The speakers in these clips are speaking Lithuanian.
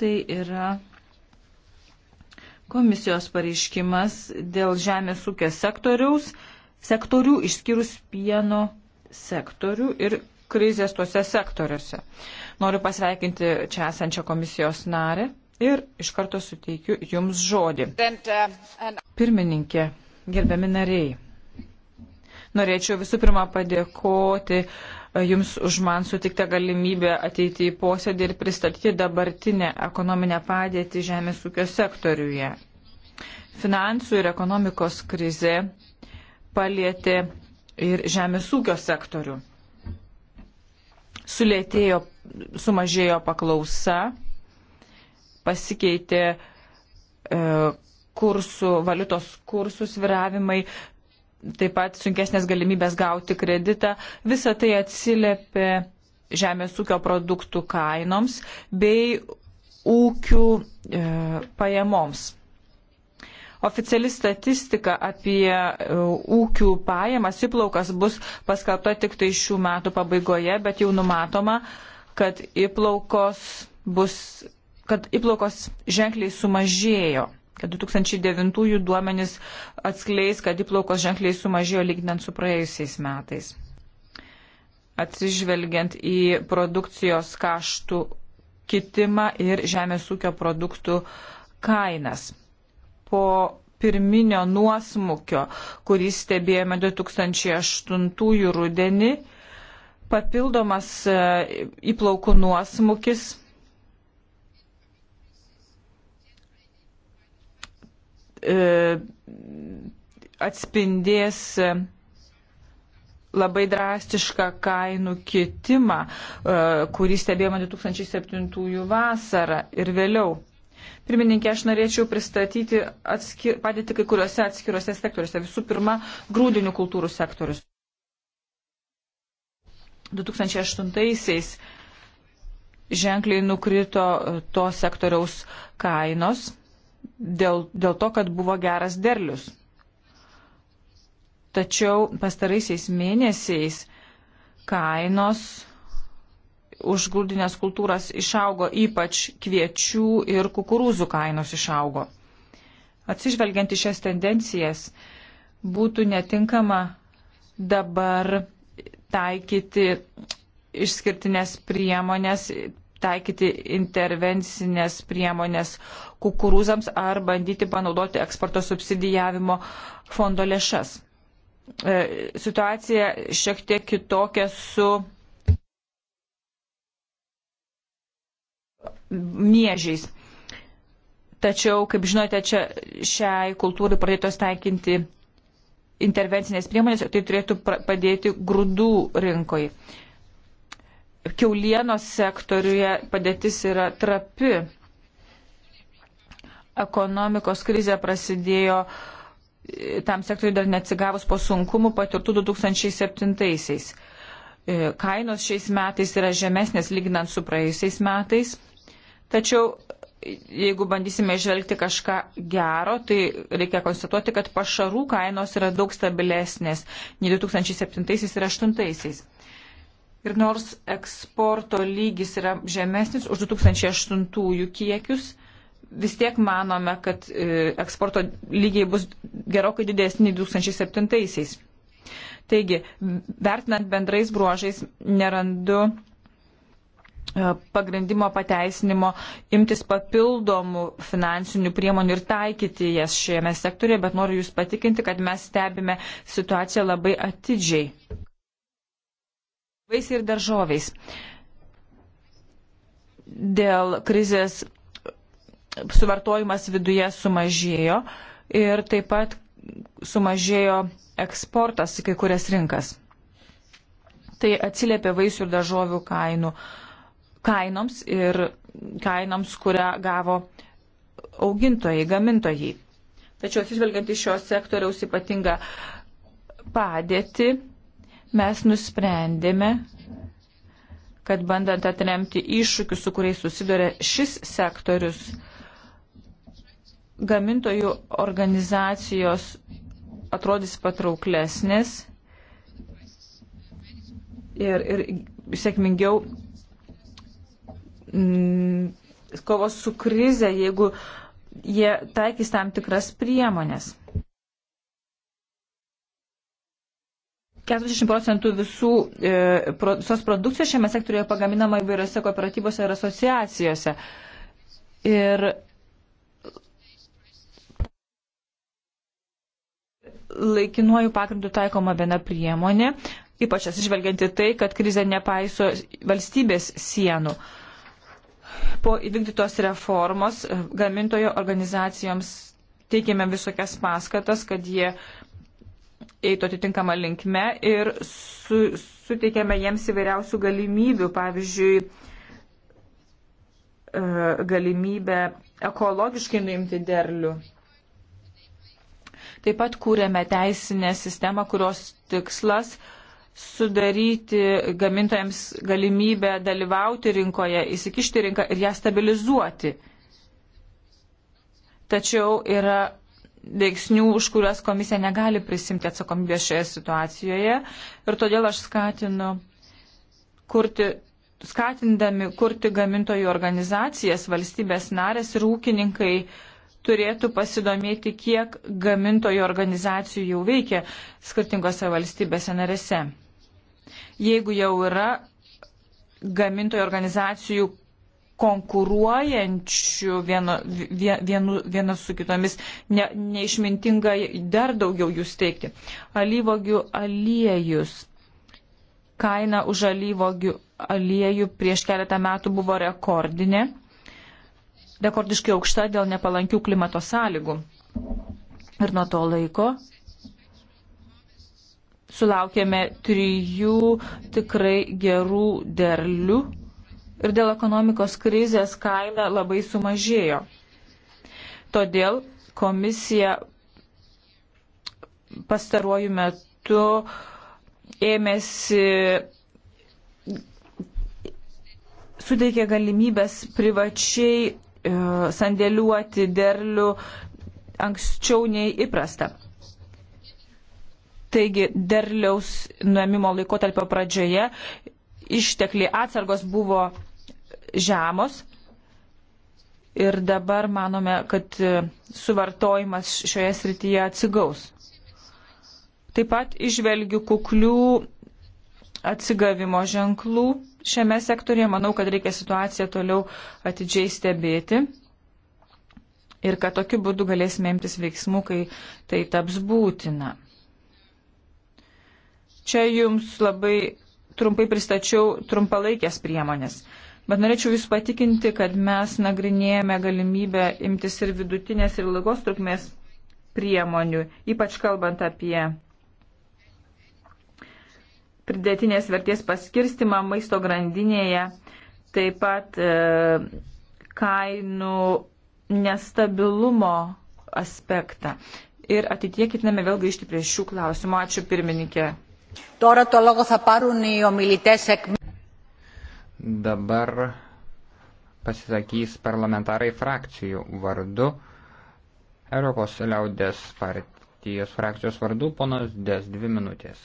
tai yra komisijos pareiškimas dėl žemės ūkio sektoriaus, sektorių išskyrus pieno sektorių ir krizės tuose sektoriuose. Noriu pasveikinti čia esančią komisijos narę ir iš karto suteikiu Jums žodį. Pirmininkė, gerbiami nariai. Norėčiau visų pirma padėkoti e, Jums už man sutiktą galimybę ateiti į posėdį ir pristatyti dabartinę ekonominę padėtį žemės ūkio sektoriuje. Finansų ir ekonomikos krize palėtė ir žemės ūkio sektorių. Sulėtėjo, sumažėjo paklausa, pasikeitė e, kursų, valiutos kursų sviravimai, taip pat sunkesnės galimybės gauti kreditą. Visa tai atsiliepė žemės ūkio produktų kainoms bei ūkių e, pajamoms. Oficiali statistika apie e, ūkių pajamas įplaukas bus paskelbta tik tai šių metų pabaigoje, bet jau numatoma, kad įplaukos, bus, kad įplaukos ženkliai sumažėjo kad 2009 duomenys atskleis, kad įplaukos ženkliai sumažėjo lygnant su praėjusiais metais. Atsižvelgiant į produkcijos kaštų kitimą ir žemės ūkio produktų kainas. Po pirminio nuosmukio, kurį stebėjome 2008 rudenį, papildomas e, įplaukų nuosmukis E, atspindės labai drastišką kainų kitimą, e, kurį stebėjome 2007 vasarą ir vėliau. Pirmininkė, aš norėčiau pristatyti atskir, padėti kai kuriuose atskiruose sektoriuose. Visų pirma, grūdinių kultūrų sektorius. 2008-aisiais ženkliai nukrito to sektoriaus kainos dėl, dėl to, kad buvo geras derlius. Tačiau pastaraisiais mėnesiais kainos už grūdinės kultūras išaugo, ypač kviečių ir kukurūzų kainos išaugo. Atsižvelgiant į šias tendencijas, būtų netinkama dabar taikyti išskirtinės priemonės, taikyti intervencinės priemonės kukurūzams ar bandyti panaudoti eksporto subsidijavimo fondo lėšas. E, situacija šiek tiek kitokia su miežiais. Tačiau, kaip žinote, čia šiai kultūrai pradėtos taikinti intervencinės priemonės, tai turėtų padėti grūdų rinkoje. Kiaulienos sektoriuje padėtis yra trapi ekonomikos krizė prasidėjo e, tam sektoriui dar neatsigavus po sunkumų patirtų 2007-aisiais. E, kainos šiais metais yra žemesnės lyginant su praėjusiais metais, tačiau e, jeigu bandysime išvelgti kažką gero, tai reikia konstatuoti, kad pašarų kainos yra daug stabilesnės nei 2007 ir 2008. Ir nors eksporto lygis yra žemesnis už 2008 kiekius, vis tiek manome, kad e, eksporto lygiai bus gerokai didesni 2007-aisiais. Taigi, vertinant bendrais bruožais, nerandu e, pagrindimo pateisinimo imtis papildomų finansinių priemonių ir taikyti jas šiame sektorėje, bet noriu Jūs patikinti, kad mes stebime situaciją labai atidžiai. Vaisiai ir daržoviais. Dėl krizės suvartojimas viduje sumažėjo ir taip pat sumažėjo eksportas į kai kurias rinkas. Tai atsiliepia vaisių ir daržovių kainų, kainoms ir kainoms, kurią gavo augintojai, gamintojai. Tačiau atsižvelgiant į šio sektoriaus ypatingą padėtį, mes nusprendėme, kad bandant atremti iššūkius, su kuriais susiduria šis sektorius, gamintojų organizacijos atrodys patrauklesnės ir, ir sėkmingiau m, mm, kovos su krize, jeigu jie taikys tam tikras priemonės. 40 procentų visos e, pro, produkcijos šiame sektoriuje pagaminama įvairiose kooperatyvose ir asociacijose. Ir laikinuoju pagrindu taikoma viena priemonė, ypač atsižvelgianti tai, kad krize nepaiso valstybės sienų. Po įvykdytos reformos e, gamintojo organizacijoms teikėme visokias paskatas, kad jie eitų atitinkamą linkmę ir su, suteikėme jiems įvairiausių galimybių, pavyzdžiui, e, galimybę ekologiškai nuimti derlių. Taip pat kūrėme teisinę sistemą, kurios tikslas sudaryti gamintojams galimybę dalyvauti rinkoje, įsikišti rinką ir ją stabilizuoti. Tačiau yra veiksnių, už kuriuos komisija negali prisimti atsakomybės šioje situacijoje. Ir todėl aš skatinu kurti, skatindami kurti gamintojų organizacijas, valstybės narės ir ūkininkai turėtų pasidomėti, kiek gamintojų organizacijų jau veikia skirtingose valstybėse narėse. Jeigu jau yra gamintojų organizacijų konkuruojančių vieno, vienu, vienas su kitomis, ne, neišmintinga dar daugiau jų steigti. Alyvogių aliejus. Kaina už alyvogių aliejų prieš keletą metų buvo rekordinė rekordiškai aukšta dėl nepalankių klimato sąlygų. Ir nuo to laiko sulaukėme trijų tikrai gerų derlių ir dėl ekonomikos krizės kaina labai sumažėjo. Todėl komisija pastaruoju metu ėmėsi suteikė galimybės privačiai E, sandėliuoti derlių anksčiau nei įprasta. Taigi derliaus nuėmimo laikotarpio pradžioje ištekliai atsargos buvo žemos ir dabar manome, kad e, suvartojimas šioje srityje atsigaus. Taip pat išvelgiu kuklių atsigavimo ženklų šiame sektorėje. Manau, kad reikia situaciją toliau atidžiai stebėti ir kad tokiu būdu galėsime imtis veiksmų, kai tai taps būtina. Čia jums labai trumpai pristačiau trumpalaikės priemonės. Bet norėčiau Jūs patikinti, kad mes nagrinėjame galimybę imtis ir vidutinės, ir ilgos trukmės priemonių, ypač kalbant apie pridėtinės vertės paskirstimą maisto grandinėje, taip pat e, kainų nestabilumo aspektą. Ir ateitie ketiname vėl grįžti prie šių klausimų. Ačiū pirmininkė. Dabar pasisakys parlamentarai frakcijų vardu. Europos liaudės partijos frakcijos vardu ponas Des dvi minutės.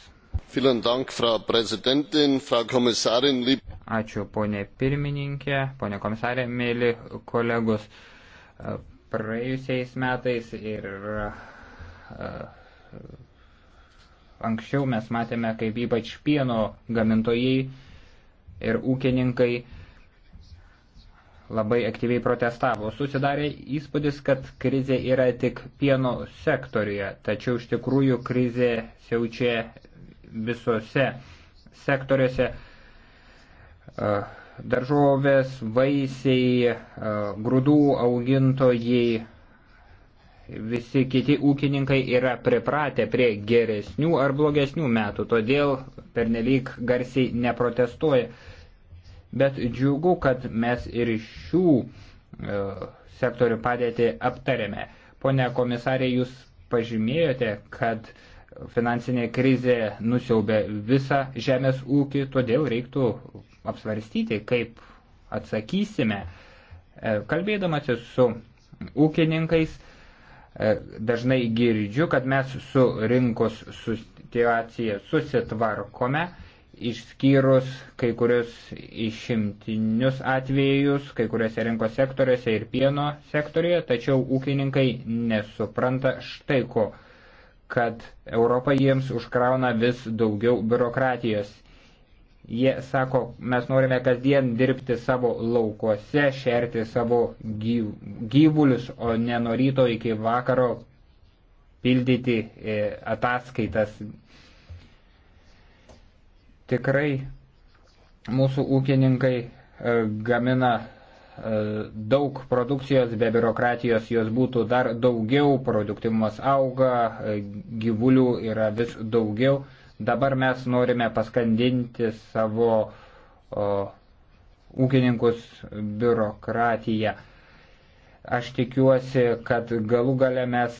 Ačiū ponė pirmininkė, ponė komisarė, mėly kolegos. E, praėjusiais metais ir e, anksčiau mes matėme, kaip ypač pieno gamintojai ir ūkininkai labai aktyviai protestavo. Susidarė įspūdis, kad krizė yra tik pieno sektoriuje, tačiau iš tikrųjų krizė siaučia visose sektoriuose daržovės, vaisiai, grūdų augintojai, visi kiti ūkininkai yra pripratę prie geresnių ar blogesnių metų, todėl pernelyg garsiai neprotestuoja. Bet džiugu, kad mes ir šių sektorių padėtį aptarėme. Pone komisarė, jūs pažymėjote, kad uh, finansinė krizė nusiaubė visą žemės ūkį, todėl reiktų apsvarstyti, kaip atsakysime. E, kalbėdamasi su ūkininkais, e, dažnai girdžiu, kad mes su rinkos situacija susitvarkome, išskyrus kai kurios išimtinius atvejus, kai kuriuose rinkos sektoriuose ir pieno sektoriuje, tačiau ūkininkai nesupranta štai ko kad Europa jiems užkrauna vis daugiau biurokratijos. Jie sako, mes norime kasdien dirbti savo laukuose, šerti savo gyvulius, o ne nuo ryto iki vakaro pildyti e, ataskaitas. Tikrai mūsų ūkininkai e, gamina daug produkcijos, be biurokratijos jos būtų dar daugiau, produktivumas auga, gyvulių yra vis daugiau. Dabar mes norime paskandinti savo o, ūkininkus biurokratiją. Aš tikiuosi, kad galų gale mes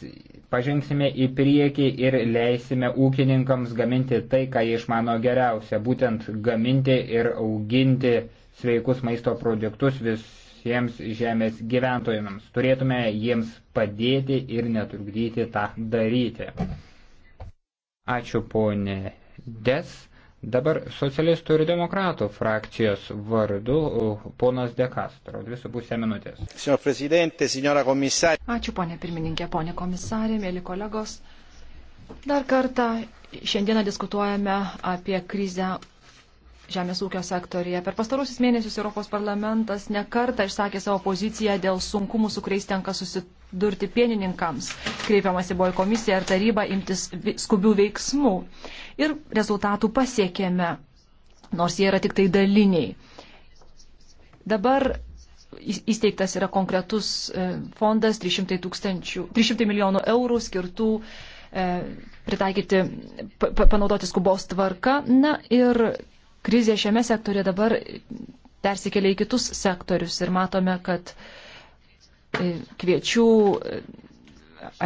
pažengsime į priekį ir leisime ūkininkams gaminti tai, ką jie išmano geriausia, būtent gaminti ir auginti sveikus maisto produktus vis visiems žemės gyventojams. Turėtume jiems padėti ir netrukdyti tą daryti. Ačiū ponė Des. Dabar socialistų ir demokratų frakcijos vardu uh, ponas De Castro. Dvi su pusė minutės. Ačiū ponė pirmininkė, ponė komisarė, mėly kolegos. Dar kartą šiandieną diskutuojame apie krizę žemės ūkio sektorija. Per pastarusius mėnesius Europos parlamentas nekarta išsakė savo poziciją dėl sunkumų, su kuriais tenka susidurti pienininkams. Kreipiamasi buvo į komisiją ir tarybą imtis skubių veiksmų. Ir rezultatų pasiekėme, nors jie yra tik tai daliniai. Dabar įsteigtas yra konkretus e, fondas 300, tūkstančių, 300 milijonų eurų skirtų e, pritaikyti, panaudoti skubos tvarką. Na ir krizė šiame sektorė dabar persikelia į kitus sektorius ir matome, kad e, kviečių, e,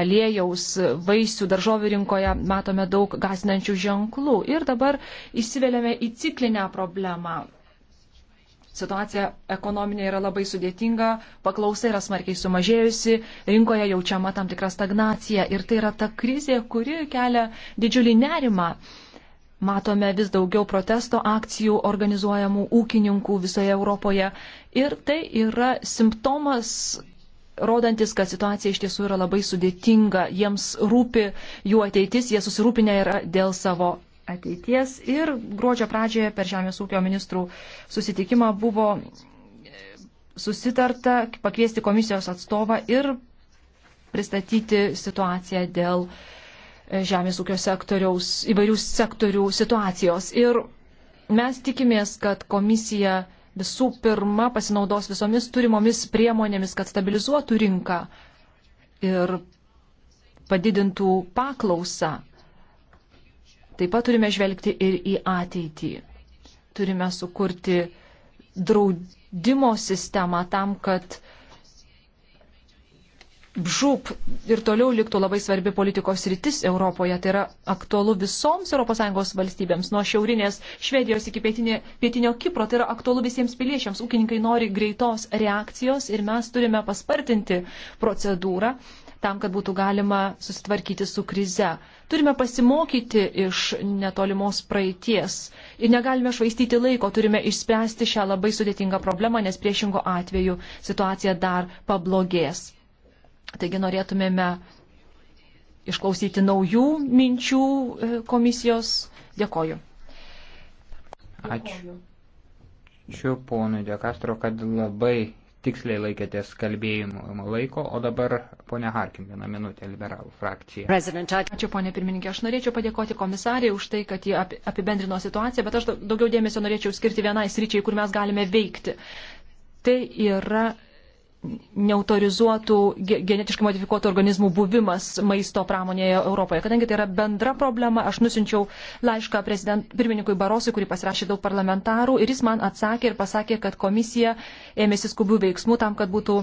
aliejaus, vaisių, daržovių rinkoje matome daug gazinančių ženklų. Ir dabar įsiveliame į ciklinę problemą. Situacija ekonominė yra labai sudėtinga, paklausa yra smarkiai sumažėjusi, rinkoje jaučiama tam tikra stagnacija ir tai yra ta krizė, kuri kelia didžiulį nerimą Matome vis daugiau protesto akcijų organizuojamų ūkininkų visoje Europoje. Ir tai yra simptomas, rodantis, kad situacija iš tiesų yra labai sudėtinga. Jiems rūpi jų ateitis, jie susirūpinę yra dėl savo ateities. Ir gruodžio pradžioje per Žemės ūkio ministrų susitikimą buvo susitarta pakviesti komisijos atstovą ir pristatyti situaciją dėl uh, žemės ūkio sektoriaus, įvairių sektorių situacijos. Ir mes tikimės, kad komisija visų pirma pasinaudos visomis turimomis priemonėmis, kad stabilizuotų rinką ir padidintų paklausą. Taip pat turime žvelgti ir į ateitį. Turime sukurti draudimo sistemą tam, kad uh, BŽUP ir toliau liktų labai svarbi politikos rytis Europoje. Tai yra aktualu visoms ES valstybėms, nuo šiaurinės Švedijos iki pietinė, pietinio Kipro. Tai yra aktualu visiems piliečiams. Ūkininkai nori greitos reakcijos ir mes turime paspartinti procedūrą tam, kad būtų galima susitvarkyti su krize. Turime pasimokyti iš netolimos praeities ir negalime švaistyti laiko, turime išspręsti šią labai sudėtingą problemą, nes priešingo atveju situacija dar pablogės. Taigi norėtumėme išklausyti naujų minčių e, komisijos. Dėkoju. Ačiū. Ačiū ponui Dekastro, kad labai tiksliai laikėtės kalbėjimo laiko, o dabar ponė Harkin vieną minutę liberalų frakcija. President, ačiū ponė pirmininkė, aš norėčiau padėkoti komisariai už tai, kad jie apibendrino situaciją, bet aš daugiau dėmesio norėčiau skirti vienai sričiai, kur mes galime veikti. Tai yra neautorizuotų genetiškai modifikuotų organizmų buvimas maisto pramonėje Europoje. Kadangi tai yra bendra problema, aš nusinčiau laišką pirmininkui Barosui, kurį pasirašė daug parlamentarų ir jis man atsakė ir pasakė, kad komisija ėmėsi skubių veiksmų tam, kad būtų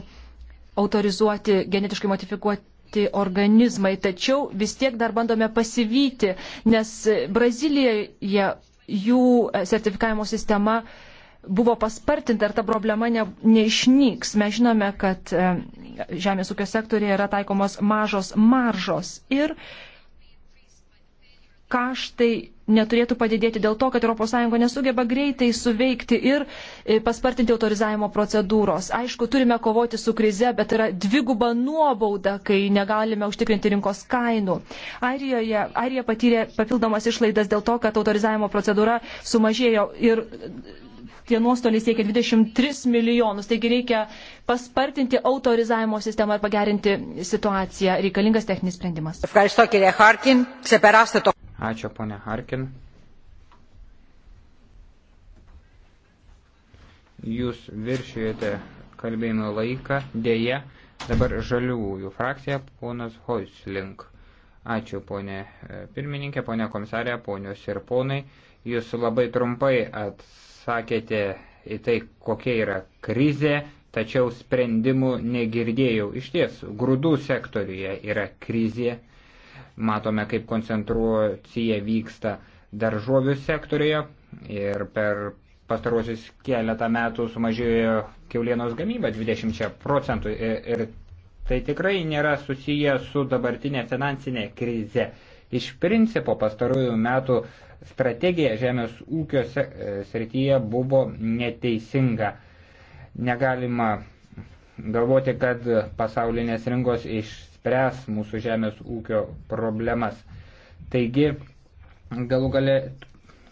autorizuoti genetiškai modifikuoti organizmai. Tačiau vis tiek dar bandome pasivyti, nes Brazilijoje jų sertifikavimo sistema uh, buvo paspartinta ir ta problema ne, neišnyks. Mes žinome, kad e, žemės ūkio sektorėje yra taikomos mažos maržos ir kaštai neturėtų padidėti dėl to, kad ES nesugeba greitai suveikti ir e, paspartinti autorizavimo procedūros. Aišku, turime kovoti su krize, bet yra dviguba nuobauda, kai negalime užtikrinti rinkos kainų. Airijoje, Airija patyrė papildomas išlaidas dėl to, kad autorizavimo procedūra sumažėjo ir tie nuostoliai siekia 23 milijonus. Taigi reikia paspartinti autorizavimo sistemą ir pagerinti situaciją. Reikalingas techninis sprendimas. Ačiū, ponė Harkin. Jūs viršijate kalbėjimo laiką, dėja, dabar žaliųjų frakcija, ponas Hoislink. Ačiū, ponė e, pirmininkė, ponė komisarė, ponios ir ponai. Jūs labai trumpai atsakėte atsakėte į tai, kokia yra krizė, tačiau sprendimų negirdėjau. Iš ties, grūdų sektoriuje yra krizė, matome, kaip koncentruocija vyksta daržovių sektoriuje ir per pastarosius keletą metų sumažėjo keulienos gamyba 20 procentų ir tai tikrai nėra susiję su dabartinė finansinė krize. Iš principo pastarųjų metų strategija žemės ūkio e, srityje buvo neteisinga. Negalima galvoti, kad pasaulinės rinkos išspręs mūsų žemės ūkio problemas. Taigi, galų gale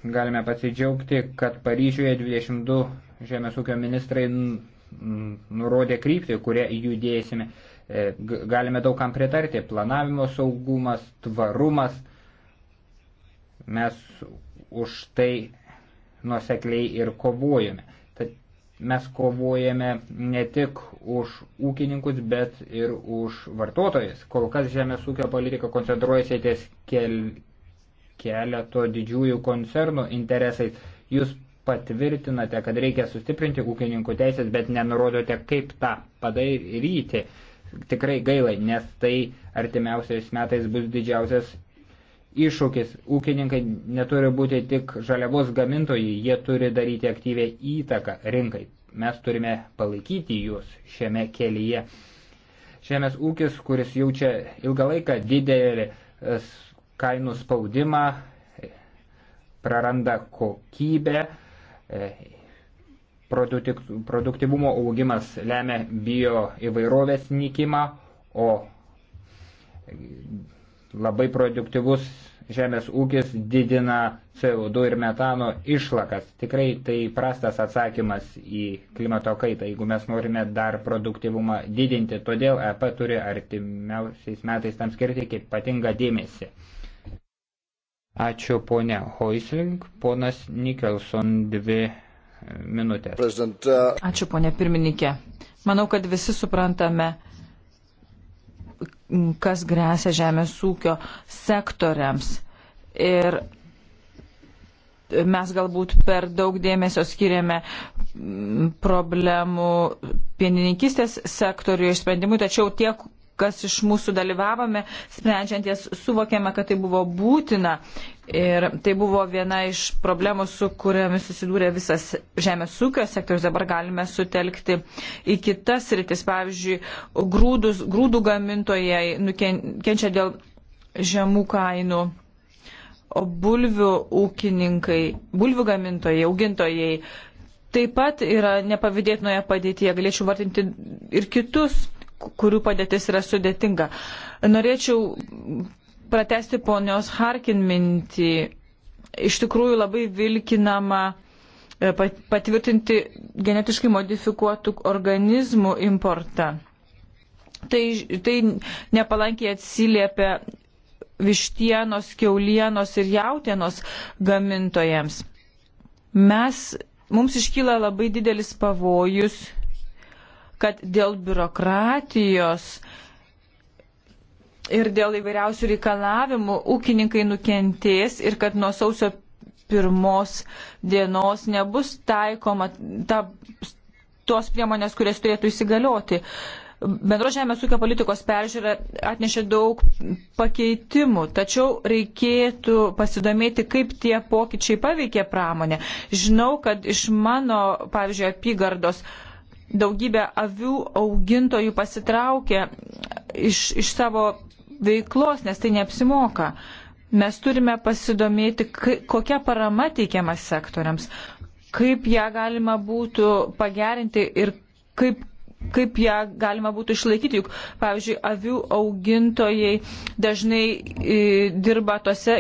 galime pasidžiaugti, kad Paryžiuje 22 žemės ūkio ministrai nurodė kryptį, kurią judėsime. E, galime daugam pritarti - planavimo saugumas, tvarumas – Mes už tai nusekliai ir kovojame. Tad mes kovojame ne tik už ūkininkus, bet ir už vartotojus. Kol kas žemės ūkio politika koncentruojasi ties kel, keleto didžiųjų koncernų interesais. Jūs patvirtinate, kad reikia sustiprinti ūkininkų teisės, bet nenurodote, kaip tą padaryti. Tikrai gaila, nes tai artimiausiais metais bus didžiausias iššūkis. Ūkininkai neturi būti tik žaliavos gamintojai, jie turi daryti aktyvę įtaką rinkai. Mes turime palaikyti juos šiame kelyje. Žemės ūkis, kuris jaučia ilgą laiką didelį e, kainų spaudimą, e, praranda kokybę, e, produktivumo augimas lemia bio įvairovės nykimą, o Labai produktyvus žemės ūkis didina CO2 ir metano išlakas. Tikrai tai prastas atsakymas į klimato kaitą, jeigu mes norime dar produktyvumą didinti. Todėl EP turi artimiausiais metais tam skirti kaip patinga dėmesį. Ačiū ponia Hoisling, ponas Nikelson dvi minutės. Uh, Ačiū ponia pirmininkė. Manau, kad visi suprantame, kas grėsia žemės ūkio sektoriams. Ir mes galbūt per daug dėmesio skiriame problemų pienininkistės sektorių išsprendimui, tačiau tie, kas iš mūsų dalyvavome, sprendžiant jas, suvokėme, kad tai buvo būtina Ir tai buvo viena iš problemų, su kuriamis susidūrė visas žemės ūkio sektorius. Dabar galime sutelkti į kitas rytis. Pavyzdžiui, grūdus, grūdų gamintojai nukenčia dėl žemų kainų, o bulvių ūkininkai, bulvių gamintojai, augintojai taip pat yra nepavydėtinoje padėtyje. Galėčiau vardinti ir kitus kurių padėtis yra sudėtinga. Norėčiau pratesti ponios Harkin mintį. Iš tikrųjų labai vilkinama e, patvirtinti genetiškai modifikuotų organizmų importą. Tai, tai nepalankiai atsiliepia vištienos, keulienos ir jautienos gamintojams. Mes, mums iškyla labai didelis pavojus, kad dėl biurokratijos uh, ir dėl įvairiausių reikalavimų ūkininkai nukentės ir kad nuo sausio pirmos dienos nebus taikoma ta, tos priemonės, kurias turėtų įsigalioti. Bendro žemės ūkio politikos peržiūra atnešė daug pakeitimų, tačiau reikėtų pasidomėti, kaip tie pokyčiai paveikė pramonę. Žinau, kad iš mano, pavyzdžiui, apygardos daugybė avių augintojų pasitraukė iš, iš savo veiklos, nes tai neapsimoka. Mes turime pasidomėti, kokia parama teikiama sektoriams, kaip ją galima būtų pagerinti ir kaip, kaip ją galima būtų išlaikyti. Juk, pavyzdžiui, avių augintojai dažnai e, dirba tose,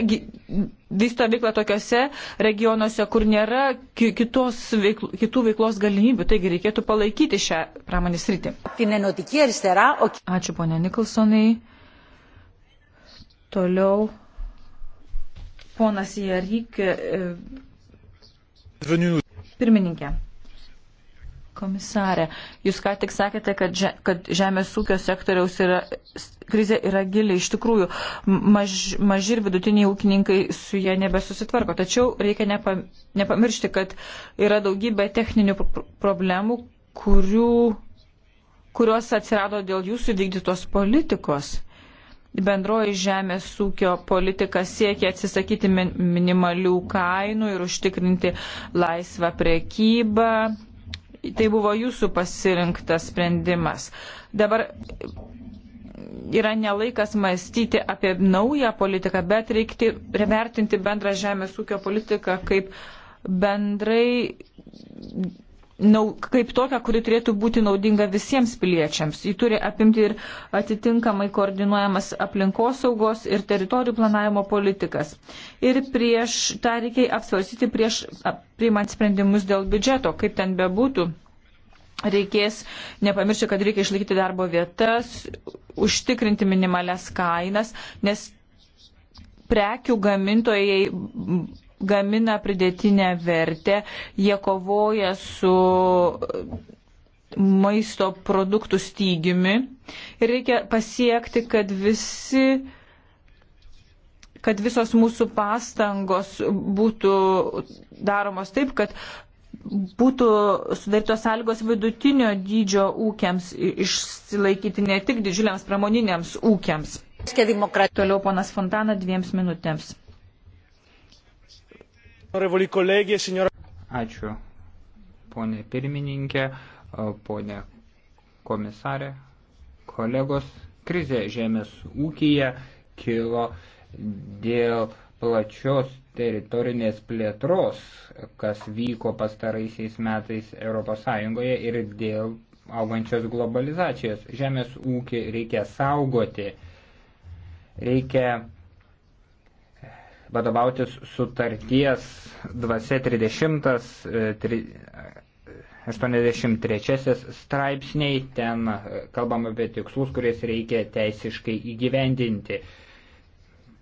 vysto veiklą tokiuose regionuose, kur nėra kitos veiklo, kitų veiklos galimybių. Taigi reikėtų palaikyti šią pramonės rytį. Ačiū, ponė Nikolsonai. Toliau ponas Jaryk. E, pirmininkė. Komisarė, jūs ką tik sakėte, kad, že, kad žemės ūkio sektoriaus yra, krizė yra gili. Iš tikrųjų, maž, maži ir vidutiniai ūkininkai su jie nebesusitvarko. Tačiau reikia nepa, nepamiršti, kad yra daugybė techninių pr problemų, kurių, kurios atsirado dėl jūsų vykdytos politikos bendroji žemės ūkio politika siekia atsisakyti min minimalių kainų ir užtikrinti laisvą prekybą. Tai buvo jūsų pasirinktas sprendimas. Dabar yra nelaikas mąstyti apie naują politiką, bet reikti vertinti bendrą žemės ūkio politiką kaip bendrai nau, kaip tokią, kuri turėtų būti naudinga visiems piliečiams. Ji turi apimti ir atitinkamai koordinuojamas aplinkosaugos ir teritorijų planavimo politikas. Ir prieš tą reikia apsvarsyti prieš priimant sprendimus dėl biudžeto, kaip ten bebūtų. Reikės nepamiršti, kad reikia išlaikyti darbo vietas, užtikrinti minimales kainas, nes prekių gamintojai gamina pridėtinę vertę, jie kovoja su maisto produktų stygiumi ir reikia pasiekti, kad visi kad visos mūsų pastangos būtų daromos taip, kad būtų sudarytos sąlygos vidutinio dydžio ūkiams išsilaikyti ne tik didžiuliams pramoniniams ūkiams. Toliau ponas Fontana dviems minutėms. E Ačiū, ponė pirmininkė, ponė komisarė, kolegos. Krizė žemės ūkija kilo dėl plačios teritorinės plėtros, kas vyko pastaraisiais metais ES ir dėl augančios globalizacijos. Žemės ūkį reikia saugoti, reikia vadovautis sutarties dvasia 30, 83 e, e, straipsniai, ten e, kalbam apie tikslus, kuriais reikia teisiškai įgyvendinti.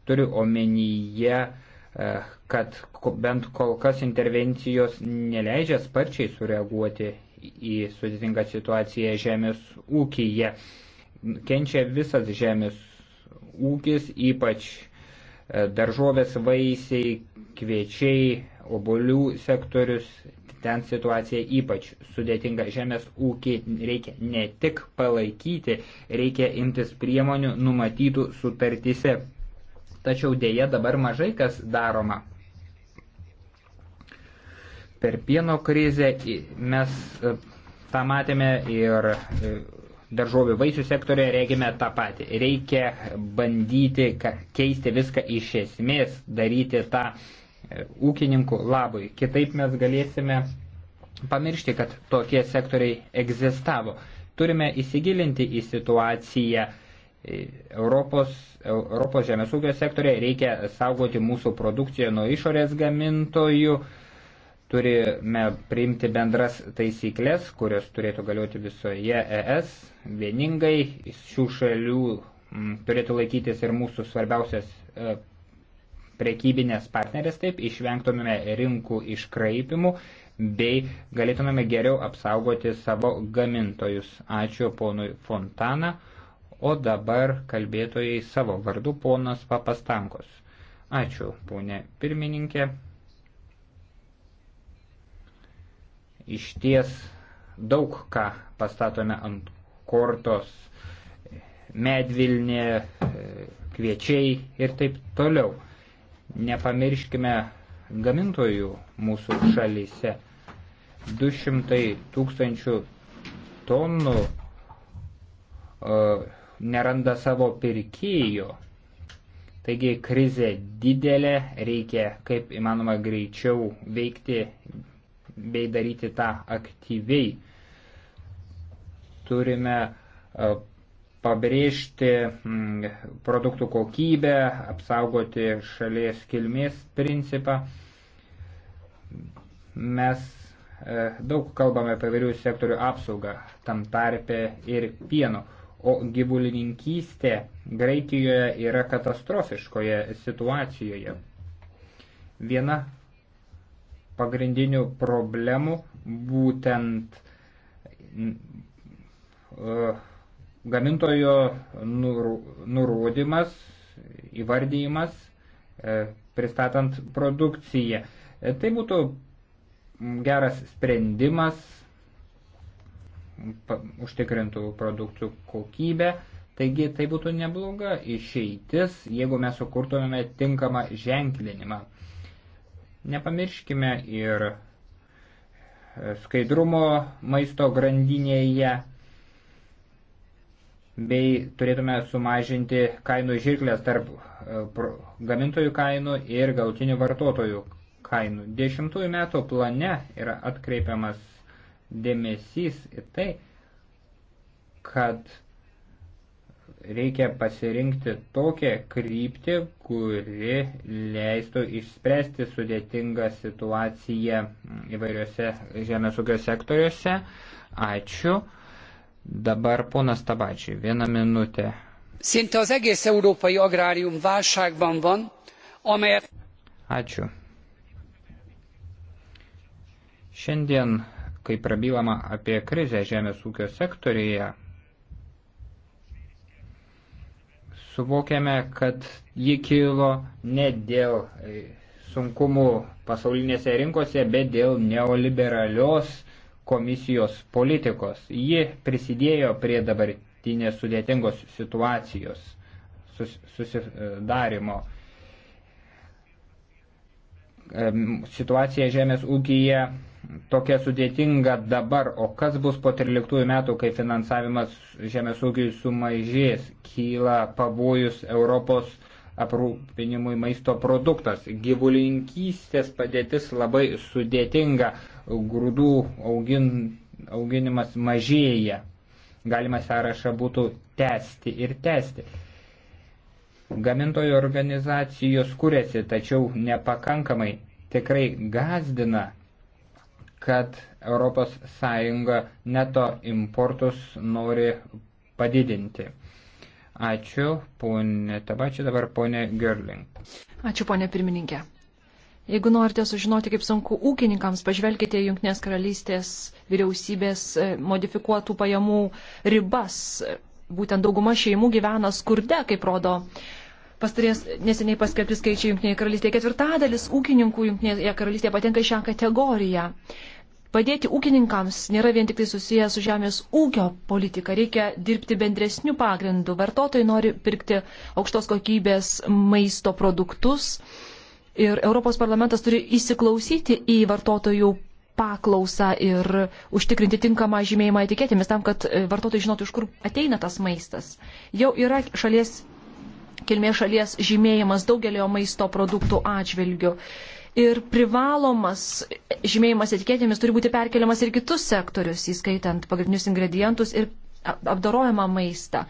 Turiu omenyje, kad bent kol kas intervencijos neleidžia sparčiai sureaguoti į sudėtingą situaciją žemės ūkyje. Kenčia visas žemės ūkis, ypač daržovės vaisiai, kviečiai, obolių sektorius, ten situacija ypač sudėtinga. Žemės ūkiai reikia ne tik palaikyti, reikia imtis priemonių numatytų sutartyse. Tačiau dėja dabar mažai kas daroma. Per pieno krizę mes e, tą matėme ir e, daržovių vaisių sektorėje regime tą patį. Reikia bandyti keisti viską iš esmės, daryti tą e, ūkininkų labui. Kitaip mes galėsime pamiršti, kad tokie sektoriai egzistavo. Turime įsigilinti į situaciją. E, Europos, Europos žemės ūkio sektorėje reikia saugoti mūsų produkciją nuo išorės gamintojų, Turime priimti bendras taisyklės, kurios turėtų galioti visoje ES vieningai. Šių šalių turėtų laikytis ir mūsų svarbiausias e, prekybinės partnerės, taip išvengtumėme rinkų iškraipimų bei galėtumėme geriau apsaugoti savo gamintojus. Ačiū ponui Fontana, o dabar kalbėtojai savo vardu ponas Papastankos. Ačiū, ponė pirmininkė. iš ties daug ką pastatome ant kortos, medvilnė, kviečiai ir taip toliau. Nepamirškime gamintojų mūsų šalyse. 200 tūkstančių tonų uh, neranda savo pirkėjo. Taigi krizė didelė, reikia kaip įmanoma greičiau veikti bei daryti tą aktyviai. Turime e, pabrėžti mm, produktų kokybę, apsaugoti šalies kilmės principą. Mes e, daug kalbame apie vairių sektorių apsaugą, tam tarpe ir pieno, o gyvulininkystė Graikijoje yra katastrofiškoje situacijoje. Viena pagrindinių problemų būtent e, gamintojo nurodymas, įvardyjimas, e, pristatant produkciją. E, tai būtų geras sprendimas, užtikrintų produktų kokybę, taigi tai būtų nebloga išeitis, jeigu mes sukurtumėme tinkamą ženklinimą. Nepamirškime ir skaidrumo maisto grandinėje bei turėtume sumažinti kainų žirklės tarp e, gamintojų kainų ir galutinių vartotojų kainų. Dešimtųjų metų plane yra atkreipiamas dėmesys į tai, kad reikia pasirinkti tokią kryptį, kuri leistų išspręsti sudėtingą situaciją įvairiose žemės ūkio sektoriuose. Ačiū. Dabar ponas Tabačiai, vieną minutę. Szinte az egész európai agrárium válságban van, amelyet... Ačiū. Šiandien, kai prabylama apie krizę žemės ūkio sektorijoje, suvokiame, kad ji kilo ne dėl e, sunkumų pasaulinėse rinkose, bet dėl neoliberalios komisijos politikos. Ji prisidėjo prie dabartinės sudėtingos situacijos sus, susidarimo. Situacija žemės ūkija tokia sudėtinga dabar, o kas bus po 13 metų, kai finansavimas žemės ūkiui sumažės, kyla pavojus Europos aprūpinimui maisto produktas. Gyvulinkystės padėtis labai sudėtinga, grūdų augin, auginimas mažėja. Galima sąrašą būtų tęsti ir tęsti. Gamintojų organizacijos kūrėsi, tačiau nepakankamai tikrai gazdina kad ES neto importus nori padidinti. Ačiū, ponė Tabačiu, dabar ponė Gerling. Ačiū, ponė pirmininkė. Jeigu norite sužinoti, kaip sunku ūkininkams, pažvelkite į Junktinės karalystės vyriausybės e, modifikuotų pajamų ribas. Būtent dauguma šeimų gyvena skurde, kaip rodo pastarės neseniai paskelbti skaičiai Junktinėje karalystėje. Ketvirtadalis ūkininkų Junktinėje karalystėje patenka į šią kategoriją. Padėti ūkininkams nėra vien tik tai susijęs su žemės ūkio politika, reikia dirbti bendresnių pagrindų. Vartotojai nori pirkti aukštos kokybės maisto produktus ir Europos parlamentas turi įsiklausyti į vartotojų paklausą ir užtikrinti tinkamą žymėjimą etiketėmis tam, kad e, vartotojai žinotų, iš kur ateina tas maistas. Jau yra šalies kilmės šalies žymėjimas daugelio maisto produktų atžvilgių ir privalomas žymėjimas etiketėmis turi būti perkeliamas ir kitus sektorius, įskaitant pagrindinius ingredientus ir apdorojamą maistą.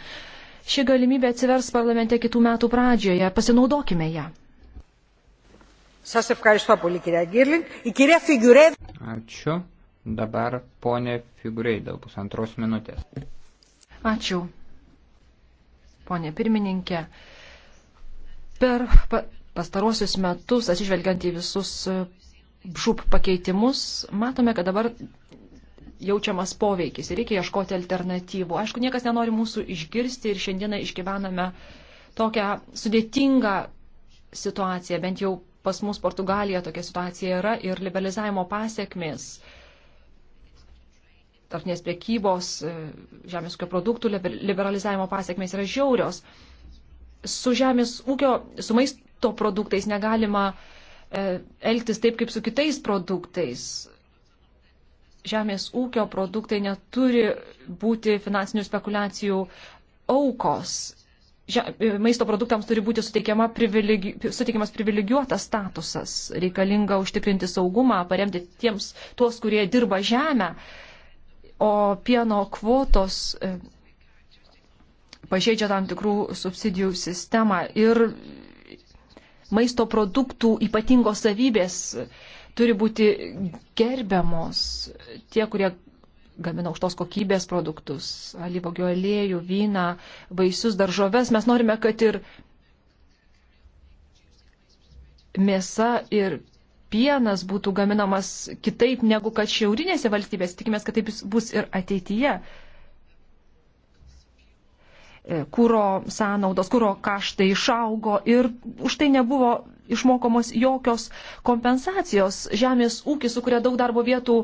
Ši galimybė atsivers parlamente kitų metų pradžioje, pasinaudokime ją. Ačiū. Dabar ponė Figurei dėl pusantros minutės. Ačiū. Ponė pirmininkė, per pastarosius metus, atsižvelgiant į visus e, žūp pakeitimus, matome, kad dabar jaučiamas poveikis ir reikia ieškoti alternatyvų. Aišku, niekas nenori mūsų išgirsti ir šiandieną išgyvename tokią sudėtingą situaciją, bent jau pas mus Portugalija tokia situacija yra ir liberalizavimo pasiekmės tarpinės priekybos, e, žemės ūkio produktų liberalizavimo pasiekmės yra žiaurios. Su žemės ūkio, su maist, eksporto produktais, negalima e, elgtis taip kaip su kitais produktais. Žemės ūkio produktai neturi būti finansinių spekulacijų aukos. E, maisto produktams turi būti privilegi, suteikiamas privilegiuotas statusas, reikalinga užtikrinti saugumą, paremti tiems, tuos, kurie dirba žemę, o pieno kvotos e, pažeidžia tam tikrų subsidijų sistemą ir maisto produktų ypatingos savybės turi būti gerbiamos tie, kurie gamina aukštos kokybės produktus, alyvogio aliejų, vyną, vaisius, daržoves. Mes norime, kad ir mėsa ir pienas būtų gaminamas kitaip negu kad šiaurinėse valstybėse. Tikimės, kad taip bus ir ateityje. E, kūro sąnaudos, kūro kaštai išaugo ir už tai nebuvo išmokomos jokios kompensacijos. Žemės ūkis sukuria daug darbo vietų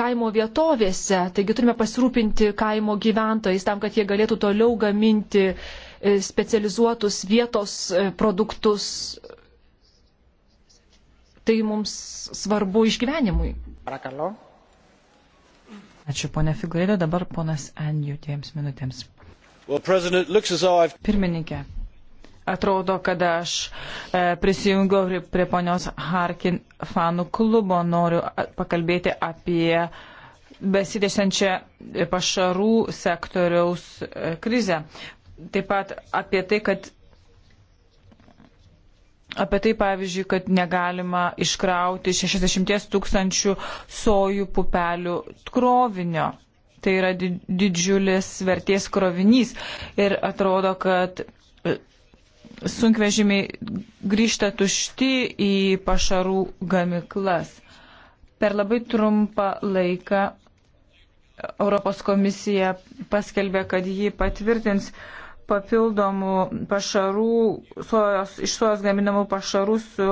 kaimo vietovėse, taigi turime pasirūpinti kaimo gyventojais tam, kad jie galėtų toliau gaminti e, specializuotus vietos e, produktus. Tai mums svarbu išgyvenimui. Ačiū, ponia Figueirė, dabar ponas Anjų dviems minutėms. Pirmininkė, atrodo, kad aš e, prisijungiau prie ponios Harkin fanų klubo, noriu pakalbėti apie besidėsiančią pašarų sektoriaus e, krizę. Taip pat apie tai, kad apie tai, pavyzdžiui, kad negalima iškrauti 60 tūkstančių sojų pupelių krovinio. Tai yra didžiulis vertės krovinys ir atrodo, kad e, sunkvežimiai grįžta tušti į pašarų gamiklas. Per labai trumpą laiką Europos komisija paskelbė, kad ji patvirtins papildomų pašarų, sojos, iš sojos gaminamų pašarų su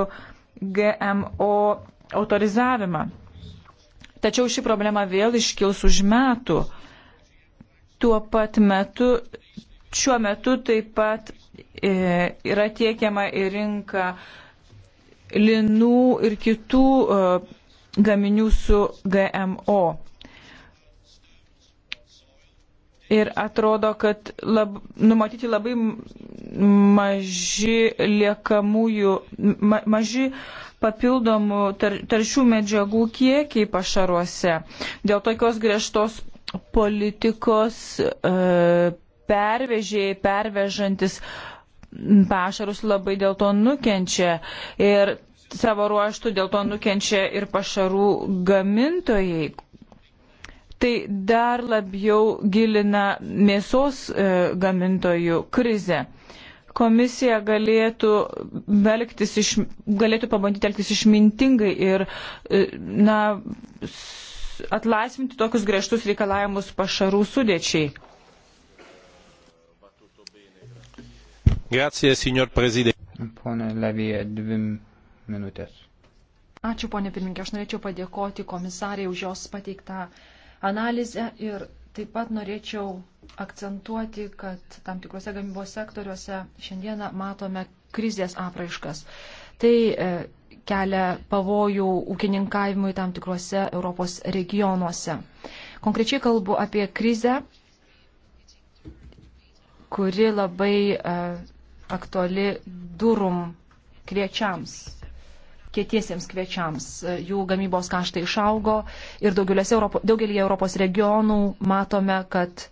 GMO autorizavimą. Tačiau ši problema vėl iškils už metų. Tuo pat metu, šiuo metu taip pat e, yra tiekiama į rinką linų ir kitų e, gaminių su GMO. Ir atrodo, kad lab, numatyti labai maži liekamųjų, ma, maži uh, papildomų tar, taršių medžiagų kiekiai pašaruose. Dėl tokios griežtos politikos e, pervežėjai, pervežantis pašarus labai dėl to nukenčia. Ir savo ruoštų dėl to nukenčia ir pašarų gamintojai. Tai dar labiau gilina mėsos e, gamintojų krizę komisija galėtų, iš, galėtų pabandyti elgtis išmintingai ir e, na, atlaisvinti tokius griežtus reikalavimus pašarų sudėčiai. Grazie, signor Presidente. Pone Levija, dvi minutės. Ačiū, ponė pirmininkė. Aš norėčiau padėkoti komisarė už jos pateiktą analizę ir Taip pat norėčiau akcentuoti, kad tam tikrose gamybos sektoriuose šiandieną matome krizės apraiškas. Tai e, kelia pavojų ūkininkavimui tam tikrose Europos regionuose. Konkrečiai kalbu apie krizę, kuri labai e, aktuali durum kviečiams kietiesiems kviečiams. Jų gamybos kaštai išaugo ir Europo, daugelį Europos regionų matome, kad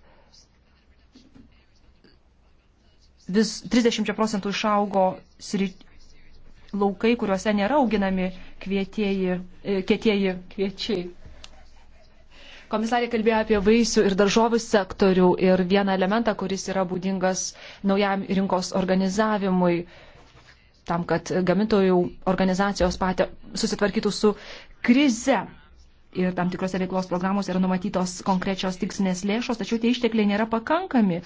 vis 30 procentų išaugo sri, laukai, kuriuose nėra auginami kvietieji, e, kietieji kviečiai. Komisarė kalbėjo apie vaisių ir daržovių sektorių ir vieną elementą, kuris yra būdingas naujam rinkos organizavimui tam, kad gamintojų organizacijos patė susitvarkytų su krize. Ir tam tikrose veiklos programos yra numatytos konkrečios tikslinės lėšos, tačiau tie ištekliai nėra pakankami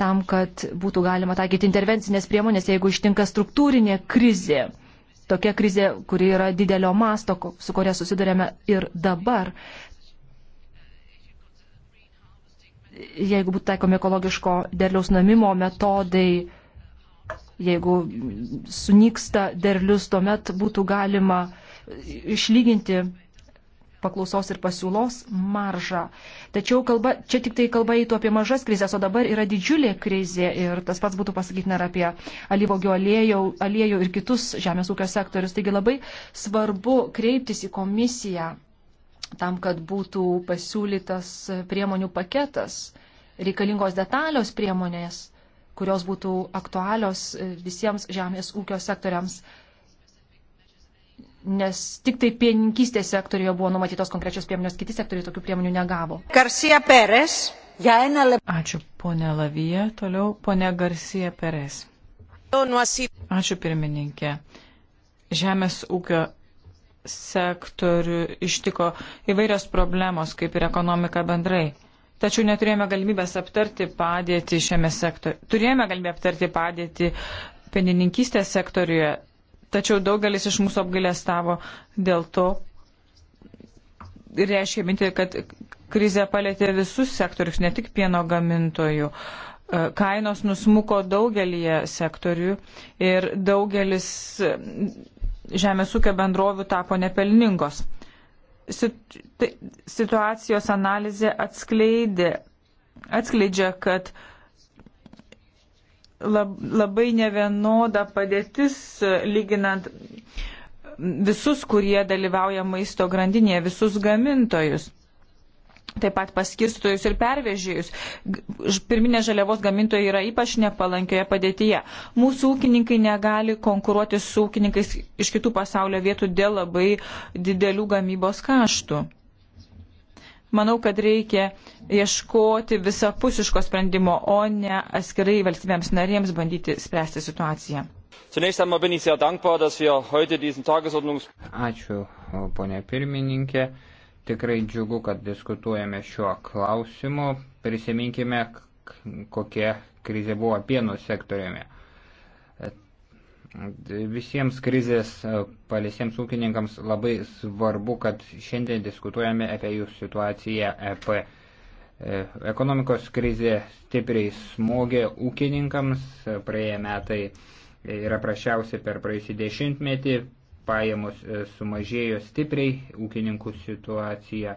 tam, kad būtų galima taikyti intervencinės priemonės, jeigu ištinka struktūrinė krizė. Tokia krizė, kuri yra didelio masto, su kuria susidurėme ir dabar. Jeigu būtų taikomi ekologiško derliaus namimo metodai, Jeigu sunyksta derlius, tuomet būtų galima išlyginti paklausos ir pasiūlos maržą. Tačiau kalba, čia tik tai kalba įtų apie mažas krizės, o dabar yra didžiulė krizė ir tas pats būtų pasakyti ir apie alyvogių aliejų, aliejų ir kitus žemės ūkio sektorius. Taigi labai svarbu kreiptis į komisiją tam, kad būtų pasiūlytas priemonių paketas, reikalingos detalios priemonės kurios būtų aktualios e, visiems žemės ūkio sektoriams, nes tik tai pieninkystės sektorijoje buvo numatytos konkrečios priemonės, kiti sektoriai tokių priemonių negavo. Garcia Perez. Ačiū, ponė Lavija. Toliau, ponė Garcia Perez. Ačiū, pirmininkė. Žemės ūkio sektorių ištiko įvairios problemos, kaip ir ekonomika bendrai tačiau neturėjome galimybės aptarti padėti šiame sektoriuje. Turėjome galimybę aptarti padėti pienininkystės sektoriuje, tačiau daugelis iš mūsų apgailestavo dėl to ir reiškia minti, kad krizė palėtė visus sektorius, ne tik pieno gamintojų. E, kainos nusmuko daugelį sektorių ir daugelis e, žemės ūkio bendrovių tapo nepelningos. Tai situacijos analizė atskleidė, atskleidžia, kad lab, labai nevienoda padėtis lyginant visus, kurie dalyvauja maisto grandinėje, visus gamintojus taip pat paskirstojus ir pervežėjus. Pirminės žaliavos gamintojai yra ypač nepalankioje padėtyje. Mūsų ūkininkai negali konkuruoti su ūkininkais iš kitų pasaulio vietų dėl labai didelių gamybos kaštų. Manau, kad reikia ieškoti visapusiško sprendimo, o ne atskirai valstybėms narėms bandyti spręsti situaciją. Zunächst einmal bin ich sehr dankbar, dass wir heute diesen Tagesordnungs. Ačiū, ponia pirmininkė. Tikrai džiugu, kad diskutuojame šiuo klausimu. Prisiminkime, kokia krizė buvo pieno sektoriumi. Visiems krizės palisiems ūkininkams labai svarbu, kad šiandien diskutuojame apie jų situaciją EP. Ekonomikos krizė stipriai smogė ūkininkams, praėję metai yra prašiausi per praeisį dešimtmetį, pajamos e, sumažėjo stipriai, ūkininkų situacija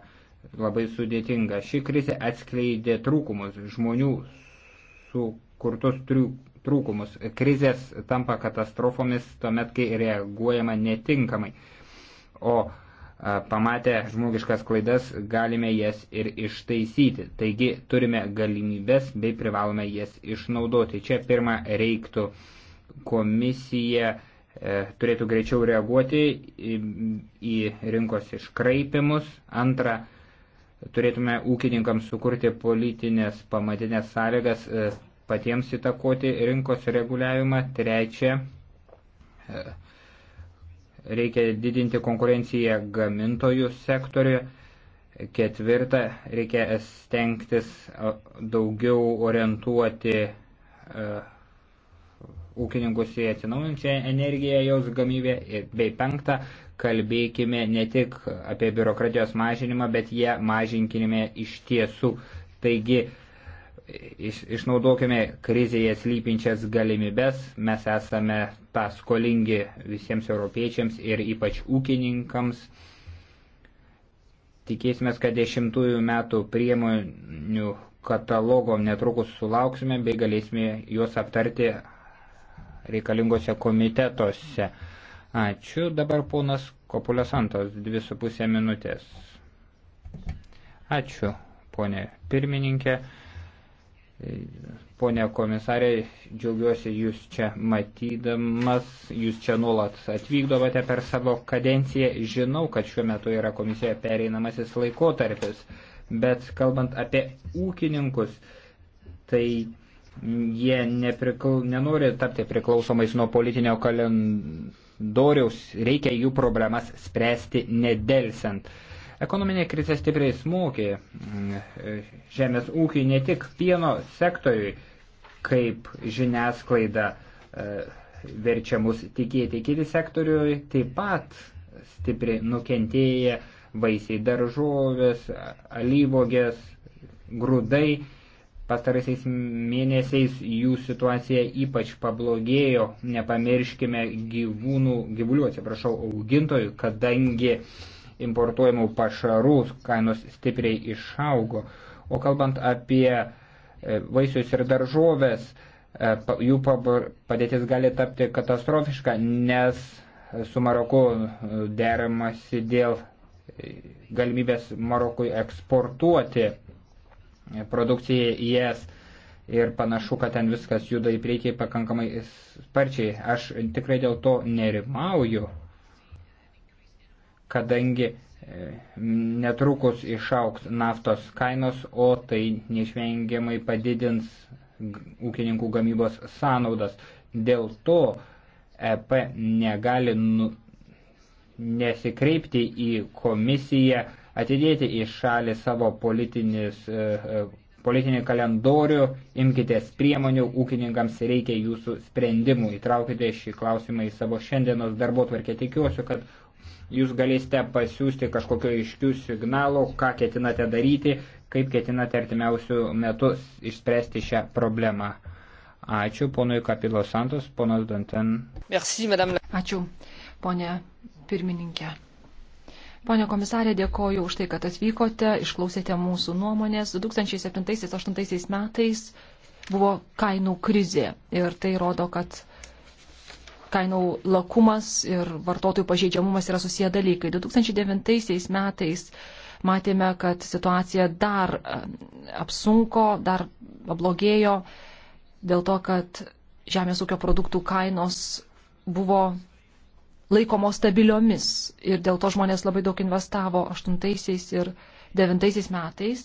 labai sudėtinga. Ši krizė atskleidė trūkumus, žmonių sukurtus trūkumus. Krizės tampa katastrofomis tuomet, kai reaguojama netinkamai. O e, pamatę žmogiškas klaidas galime jas ir ištaisyti. Taigi turime galimybės bei privalome jas išnaudoti. Čia pirmą reiktų komisiją E, turėtų greičiau reaguoti į, į rinkos iškraipimus. Antra, turėtume ūkininkams sukurti politinės pamatinės sąlygas e, patiems įtakoti rinkos reguliavimą. Trečia, e, reikia didinti konkurenciją gamintojų sektoriuje. Ketvirta, reikia stengtis daugiau orientuoti ūkininkus į atsinaujančią energiją jos gamybę. Bei penktą, kalbėkime ne tik apie biurokratijos mažinimą, bet ją mažinkime iš tiesų. Taigi, iš, išnaudokime krizėje slypinčias galimybes. Mes esame tą skolingi visiems europiečiams ir ypač ūkininkams. Tikėsime, kad dešimtųjų metų priemonių katalogo netrukus sulauksime bei galėsime juos aptarti reikalingose komitetuose. Ačiū. Dabar ponas Kopulė Santos, dvi su pusė minutės. Ačiū, ponė pirmininkė. Pone komisarė, džiaugiuosi jūs čia matydamas, jūs čia nuolat atvykdavote per savo kadenciją. Žinau, kad šiuo metu yra komisijoje pereinamasis laikotarpis, bet kalbant apie ūkininkus, tai Jie nepriklau, nenori tapti priklausomais nuo politinio kalendoriaus, reikia jų problemas spręsti nedelsiant. Ekonominė krizė stipriai smūkė mm, e, žemės ūkiai ne tik pieno sektoriui, kaip žiniasklaida e, verčia mus tikėti. Kiti sektoriui taip pat stipriai nukentėję vaisiai daržovės, alyvogės, grūdai. Pastaraisiais mėnesiais jų situacija ypač pablogėjo, nepamirškime gyvūnų, gyvulių, atsiprašau, augintojų, kadangi importuojamų pašarų kainos stipriai išaugo. O kalbant apie e, vaisius ir daržovės, e, jų padėtis gali tapti katastrofiška, nes su Maroku e, deramasi dėl galimybės Marokui eksportuoti produkciją į jas ir panašu, kad ten viskas juda į priekį pakankamai sparčiai. Aš tikrai dėl to nerimauju, kadangi e, netrukus išauks naftos kainos, o tai neišvengiamai padidins ūkininkų gamybos sąnaudas. Dėl to EP negali nu, nesikreipti į komisiją atidėti į šalį savo politinis, e, e, politinį kalendorių, imkitės priemonių, ūkininkams reikia jūsų sprendimų, įtraukite šį klausimą į savo šiandienos darbo tvarkę. Tikiuosi, kad jūs galėsite pasiūsti kažkokio iškių signalų, ką ketinate daryti, kaip ketinate artimiausių metų išspręsti šią problemą. Ačiū ponui Kapilo Santos, ponas Danten. Merci, madame. Ačiū, ponė pirmininkė. Pone komisarė, dėkoju už tai, kad atvykote, išklausėte mūsų nuomonės. 2007-2008 metais buvo kainų krizė ir tai rodo, kad kainų lakumas ir vartotojų pažeidžiamumas yra susiję dalykai. 2009 metais matėme, kad situacija dar e, apsunko, dar pablogėjo dėl to, kad žemės ūkio produktų kainos buvo laikomos stabiliomis ir dėl to žmonės labai daug investavo 8 ir 9 metais.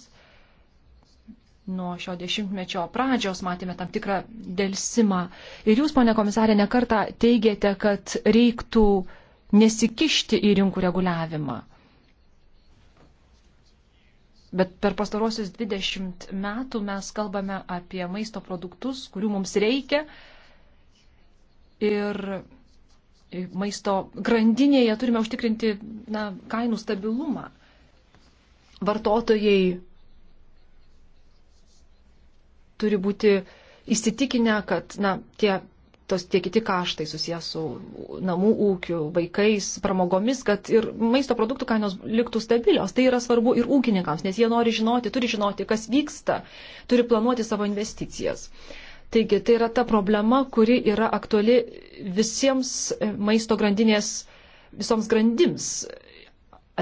Nuo šio dešimtmečio pradžios matėme tam tikrą dėlsimą. Ir jūs, ponė komisarė, nekartą teigėte, kad reiktų nesikišti į rinkų reguliavimą. Bet per pastarosius 20 metų mes kalbame apie maisto produktus, kurių mums reikia. Ir maisto grandinėje turime užtikrinti na, kainų stabilumą. Vartotojai turi būti įsitikinę, kad na, tie, tos, tie kiti kaštai susijęs su namų ūkiu, vaikais, pramogomis, kad ir maisto produktų kainos liktų stabilios. Tai yra svarbu ir ūkininkams, nes jie nori žinoti, turi žinoti, kas vyksta, turi planuoti savo investicijas. Uh, Taigi tai yra ta problema, kuri yra aktuali visiems e, maisto grandinės, visoms grandims,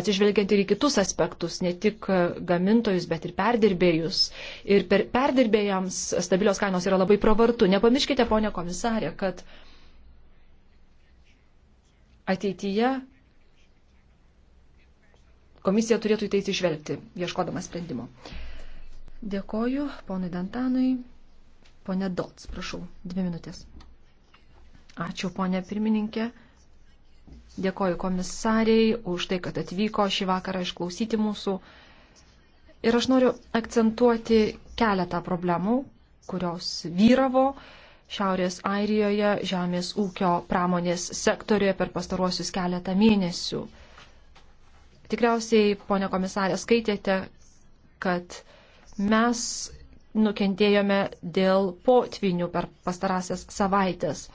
atsižvelgiant ir į kitus aspektus, ne tik e, gamintojus, bet ir perdirbėjus. Ir per, perdirbėjams stabilios kainos yra labai pravartu. Nepamirškite, ponė komisarė, kad ateityje komisija turėtų į tai atsižvelgti, ieškodama sprendimo. Dėkoju ponui Dantanui. Pone Dots, prašau, dvi minutės. Ačiū, ponė pirmininkė. Dėkoju komisariai už tai, kad atvyko šį vakarą išklausyti mūsų. Ir aš noriu akcentuoti keletą problemų, kurios vyravo Šiaurės Airijoje žemės ūkio pramonės sektorioje per pastaruosius keletą mėnesių. Tikriausiai, ponė komisarė, skaitėte, kad mes nukentėjome dėl potvinių per pastarąsias savaitės.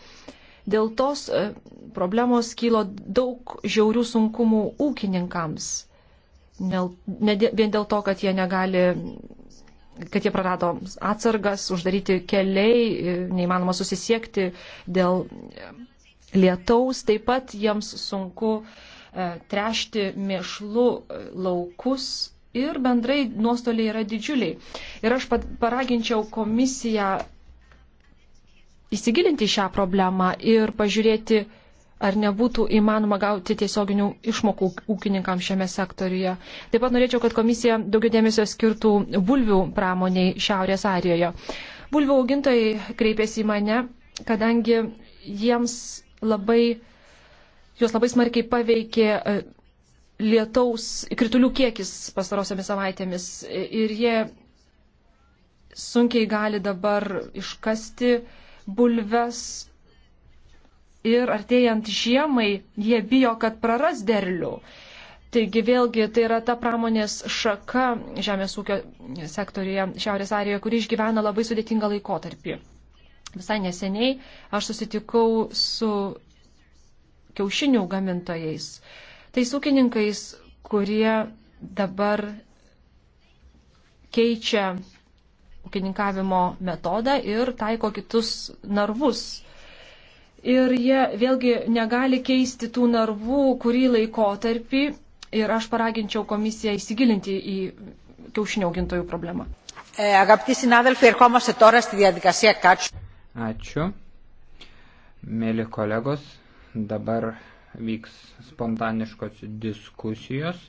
Dėl tos e, problemos kilo daug žiaurių sunkumų ūkininkams. Nel, ne vien dėl to, kad jie negali, kad jie prarado atsargas, uždaryti keliai, e, neįmanoma susisiekti dėl lietaus, taip pat jiems sunku e, trešti mėšlų laukus ir bendrai nuostoliai yra didžiuliai. Ir aš paraginčiau komisiją įsigilinti šią problemą ir pažiūrėti, ar nebūtų įmanoma gauti tiesioginių išmokų ūkininkams šiame sektoriuje. Taip pat norėčiau, kad komisija daugiau dėmesio skirtų bulvių pramoniai Šiaurės Arijoje. Bulvių augintojai kreipėsi į mane, kadangi jiems labai, juos labai smarkiai paveikė lietaus kritulių kiekis pastarosiomis savaitėmis ir jie sunkiai gali dabar iškasti bulves ir artėjant žiemai jie bijo, kad praras derlių. Taigi vėlgi tai yra ta pramonės šaka žemės ūkio sektorija Šiaurės Arijoje, kuri išgyvena labai sudėtingą laikotarpį. Visai neseniai aš susitikau su kiaušinių gamintojais, uh, tais ūkininkais, kurie dabar keičia ūkininkavimo metodą ir taiko kitus narvus. Ir jie vėlgi negali keisti tų narvų kurį laikotarpį ir aš paraginčiau komisiją įsigilinti į kiaušinio augintojų problemą. E, Ačiū. Mėly kolegos, dabar vyks spontaniškos diskusijos.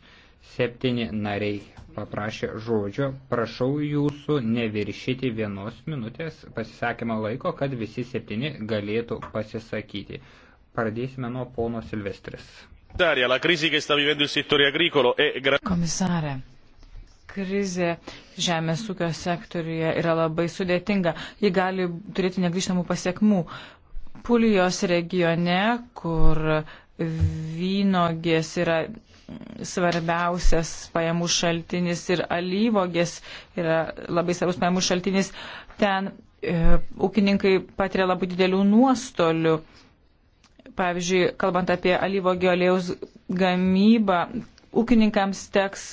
Septyni nariai paprašė žodžio. Prašau jūsų neviršyti vienos minutės pasisakymo laiko, kad visi septyni galėtų pasisakyti. Pradėsime nuo pono Silvestris. Komisarė, krizė žemės ūkio sektoriuje yra labai sudėtinga. Ji gali turėti negryžtamų pasiekmų. Pulijos regione, kur vynogės yra svarbiausias pajamų šaltinis ir alyvogės yra labai svarbus pajamų šaltinis. Ten e, ūkininkai patiria labai didelių nuostolių. Pavyzdžiui, kalbant apie alyvogio aliejus gamybą, ūkininkams teks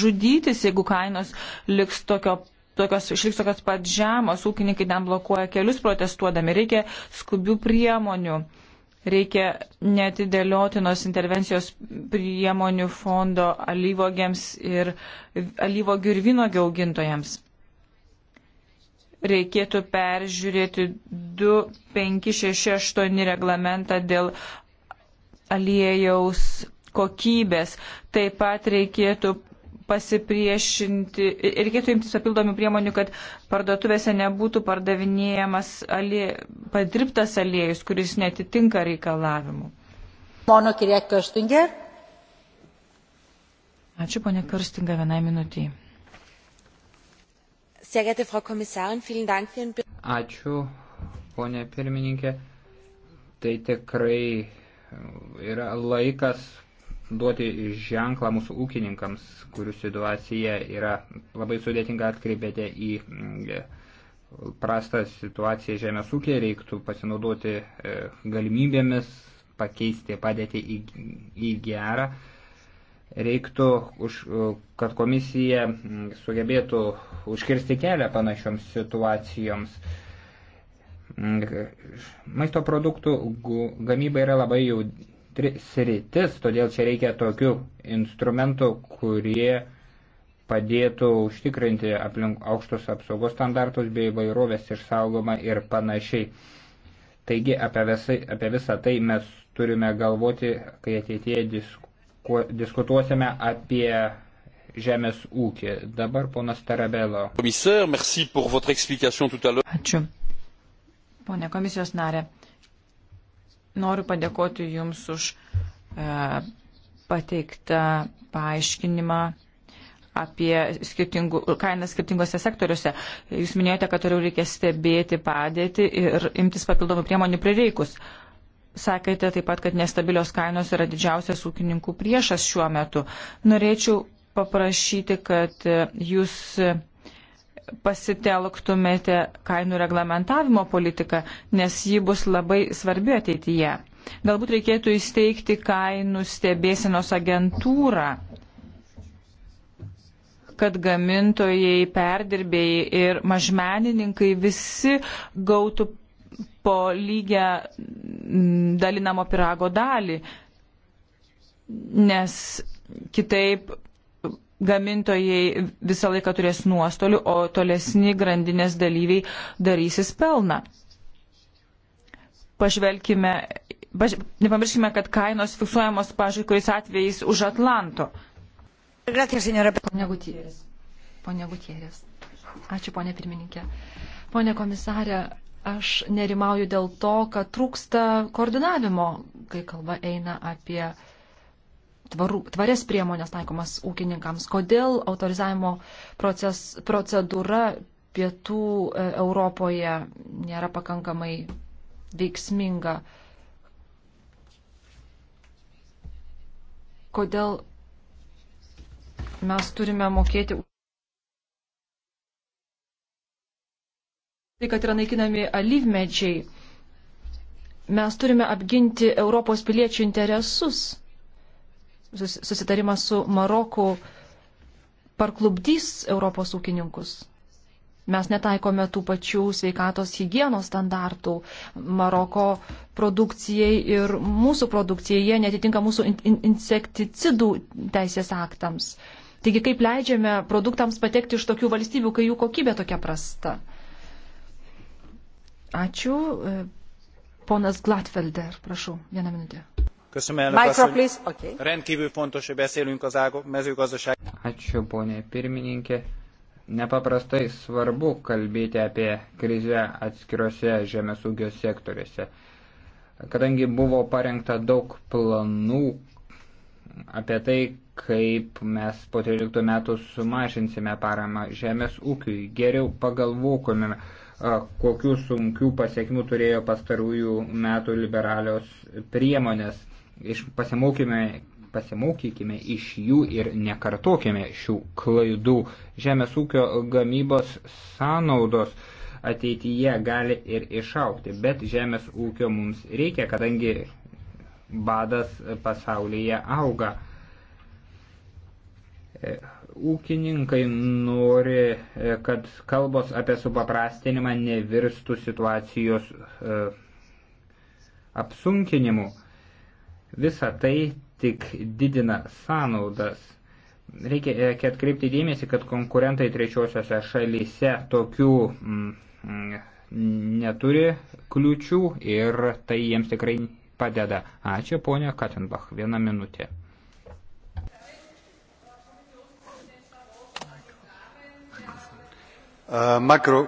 žudytis, jeigu kainos liks tokio tokios, išliks tokios pat žemos, ūkininkai ten blokuoja kelius protestuodami, reikia skubių priemonių. Reikia netidėliotinos intervencijos priemonių fondo alyvogiams ir alyvogių ir vynogių augintojams. Reikėtų peržiūrėti 2568 reglamentą dėl aliejaus kokybės. Taip pat reikėtų pasipriešinti, reikėtų imtis papildomių priemonių, kad parduotuvėse nebūtų pardavinėjamas alie, padirbtas aliejus, kuris netitinka reikalavimų. Mono kirė Karstingė. Ačiū, ponė Karstinga, vienai minutį. Ačiū, ponė pirmininkė. Tai tikrai yra laikas, duoti ženklą mūsų ūkininkams, kurių situacija yra labai sudėtinga, atkreipėte į mm, prastą situaciją žemės ūkė, reiktų pasinaudoti e, galimybėmis, pakeisti padėtį į, į gerą. Reiktų, už, e, kad komisija mm, sugebėtų užkirsti kelią panašioms situacijoms. Mm, maisto produktų gamyba yra labai jau sritis, todėl čia reikia tokių instrumentų, kurie padėtų užtikrinti aplink aukštus apsaugos standartus bei vairovės išsaugomą ir panašiai. Taigi apie, visai, apie visą tai mes turime galvoti, kai ateitie disku, diskutuosime apie žemės ūkį. Dabar ponas Tarabelo. Komisar, merci pour votre explication tout à l'heure. Ačiū. Pone komisijos narė, Noriu padėkoti Jums už e, pateiktą paaiškinimą apie skirtingų, kainas skirtingose sektoriuose. Jūs minėjote, kad toliau reikia stebėti padėtį ir imtis papildomų priemonių prireikus. Sakėte taip pat, kad nestabilios kainos yra didžiausias ūkininkų priešas šiuo metu. Norėčiau paprašyti, kad e, jūs pasitelktumėte kainų reglamentavimo politiką, nes ji bus labai svarbi ateityje. Galbūt reikėtų įsteigti kainų stebėsenos agentūrą, kad gamintojai, perdirbėjai ir mažmenininkai visi gautų po lygią dalinamo pirago dalį, nes kitaip gamintojai visą laiką turės nuostolių, o tolesni grandinės dalyviai darysis pelną. Pažvelkime, paž... nepamirškime, kad kainos fiksuojamos, pažiūrėjau, kuriais atvejais už Atlanto. Gracias, señora. Pone Gutierės. Pone Gutierės. Ačiū, ponė pirmininkė. Pone komisarė, aš nerimauju dėl to, kad trūksta koordinavimo, kai kalba eina apie tvarų, tvarias priemonės taikomas ūkininkams. Kodėl autorizavimo proces, procedūra pietų e, Europoje nėra pakankamai veiksminga? Kodėl mes turime mokėti. Tai, kad yra naikinami alyvmedžiai, mes turime apginti Europos piliečių interesus susitarimas su Maroku parklubdys Europos ūkininkus. Mes netaikome tų pačių sveikatos hygienos standartų Maroko produkcijai ir mūsų produkcijai. Jie netitinka mūsų in insekticidų teisės aktams. Taigi kaip leidžiame produktams patekti iš tokių valstybių, kai jų kokybė tokia prasta? Ačiū. Ponas Glatfelder, prašau, vieną minutę rendkvül fontos hogy beszélünk az mezőgazdaság. ačiū pone pirmininke nepaprastai svarbu kalbėti apie krizę atskiruose žemės ūkio sektoriuose kadangi buvo parengta daug planų apie tai kaip mes po 13 metų sumažinsime paramą žemės ūkiui geriau pagalvokime kokių sunkių pasiekmių turėjo pastarųjų metų liberalios priemonės pasimokime, pasimokykime iš jų ir nekartokime šių klaidų. Žemės ūkio gamybos sąnaudos ateityje gali ir išaukti, bet žemės ūkio mums reikia, kadangi badas pasaulyje auga. E, ūkininkai nori, e, kad kalbos apie supaprastinimą nevirstų situacijos e, apsunkinimu. Visa tai tik didina sąnaudas. Reikia, reikia atkreipti dėmesį, kad konkurentai trečiosiose šalyse tokių mm, mm neturi kliučių ir tai jiems tikrai padeda. Ačiū, ponia Katenbach. Vieną minutę. Uh, e, makro.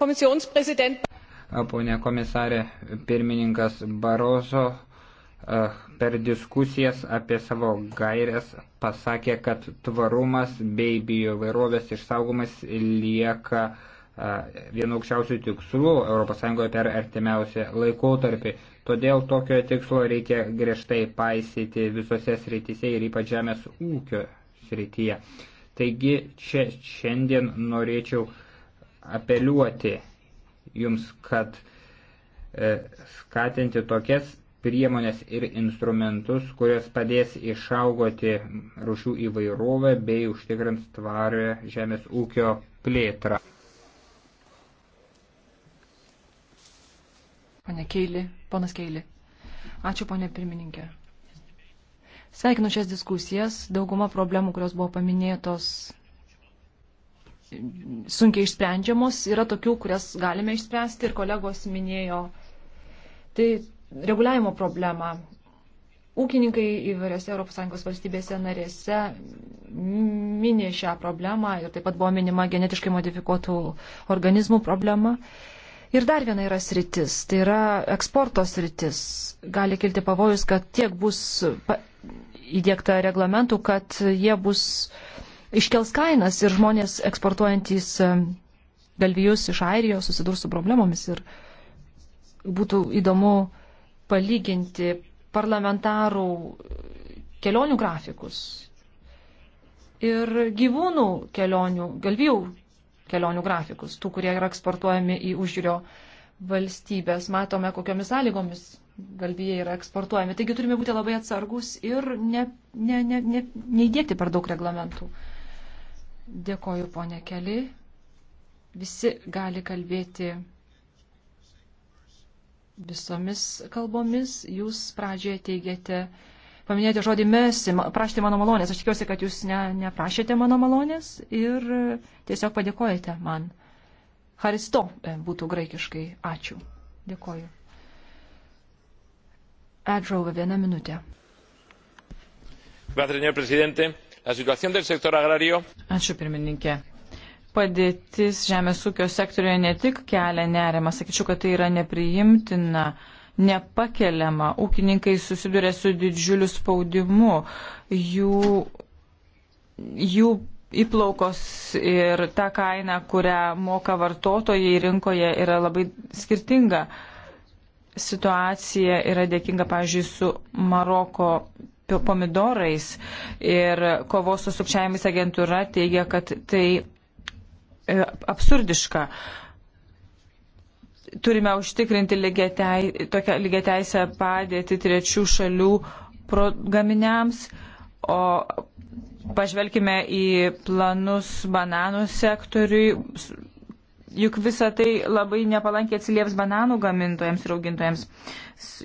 Kommissionspräsident ponė komisarė pirmininkas Barozo per diskusijas apie savo gairias pasakė, kad tvarumas bei biovairovės išsaugomas lieka vienu aukščiausių tikslų ES per artimiausią laikotarpį. Todėl tokio tikslo reikia griežtai paisyti visose srityse ir ypač žemės ūkio srityje. Taigi čia šiandien norėčiau apeliuoti jums, kad e, skatinti tokias priemonės ir instrumentus, kurios padės išaugoti rušių įvairovę bei užtikrins tvarę žemės ūkio plėtrą. Pane Keili, ponas Keili. Ačiū, ponė pirmininkė. Sveikinu šias diskusijas. Dauguma problemų, kurios buvo paminėtos, sunkiai išsprendžiamos, yra tokių, kurias galime išspręsti ir kolegos minėjo. Tai reguliavimo problema. Ūkininkai įvairiose ES valstybėse narėse minė šią problemą ir taip pat buvo minima genetiškai modifikuotų organizmų problema. Ir dar viena yra sritis, tai yra eksporto sritis. Gali kilti pavojus, kad tiek bus įdėkta reglamentų, kad jie bus uh, iškels kainas ir žmonės eksportuojantys e, galvijus iš Airijos susidurs su problemomis. Ir būtų įdomu palyginti parlamentarų kelionių grafikus ir gyvūnų kelionių, galvijų kelionių grafikus, tų, kurie yra eksportuojami į užžiūrio valstybės. Matome, kokiomis sąlygomis galvijai yra eksportuojami. Taigi turime būti labai atsargus ir ne, ne, ne, ne, neįdėkti per daug reglamentų. Dėkoju, ponė Keli. Visi gali kalbėti visomis kalbomis. Jūs pradžioje teigiate, paminėjote žodį mesi, prašėte mano malonės. Aš tikiuosi, kad jūs ne, neprašėte mano malonės ir tiesiog padėkojate man. Haristo e, būtų graikiškai. Ačiū. Dėkoju. Adžauva, viena minutė. Gracias, señor presidente. La situación del sector agrario. Ačiū pirmininkė. Padėtis žemės ūkio sektorioje ne tik kelia nerimą, sakyčiau, kad tai yra nepriimtina nepakeliama. Ūkininkai susiduria su didžiuliu spaudimu. Jų, jų įplaukos ir ta kaina, kurią moka vartotojai rinkoje, yra labai skirtinga. Situacija yra dėkinga, pavyzdžiui, su Maroko pomidorais ir kovos su sukčiavimis agentūra teigia, kad tai e, absurdiška. Turime užtikrinti lygiateisę lygia padėti trečių šalių gaminiams, o pažvelkime į planus bananų sektoriui, juk visa tai labai nepalankiai atsilieps bananų gamintojams ir augintojams.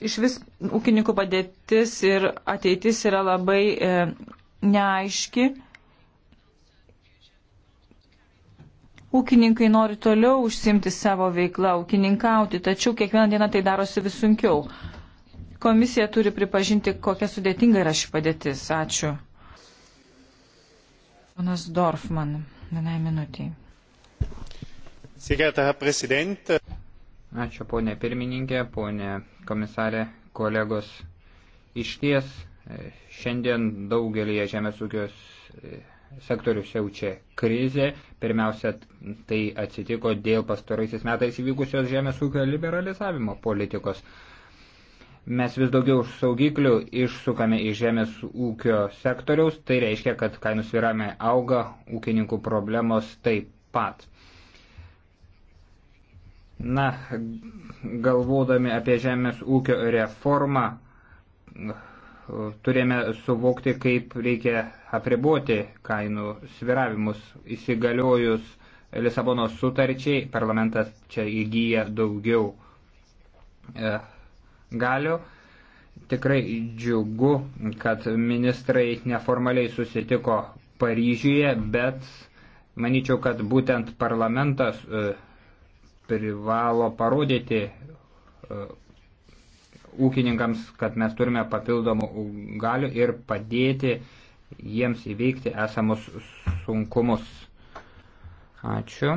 Iš vis ūkininkų padėtis ir ateitis yra labai e, neaiški. Ūkininkai nori toliau užsimti savo veiklą, ūkininkauti, tačiau kiekvieną dieną tai darosi vis sunkiau. Komisija turi pripažinti, kokia sudėtinga yra ši padėtis. Ačiū. Ponas Dorfman, vienai minutiai. Ačiū ponė pirmininkė, ponė komisarė, kolegos. Iš ties e, šiandien daugelį žemės ūkios e, sektorių siaučia krizė. Pirmiausia, tai atsitiko dėl pastaraisiais metais įvykusios žemės ūkio liberalizavimo politikos. Mes vis daugiau saugiklių išsukame iš žemės ūkio sektoriaus, tai reiškia, kad kainų sviravimai auga, ūkininkų problemos taip pat. Na, galvodami apie žemės ūkio reformą, turėjome suvokti, kaip reikia apriboti kainų sviravimus. Įsigaliojus Lisabono sutarčiai, parlamentas čia įgyja daugiau e, galių. Tikrai džiugu, kad ministrai neformaliai susitiko Paryžiuje, bet manyčiau, kad būtent parlamentas e, privalo parodyti e, ūkininkams, kad mes turime papildomų galių ir padėti jiems įveikti esamus sunkumus. Ačiū.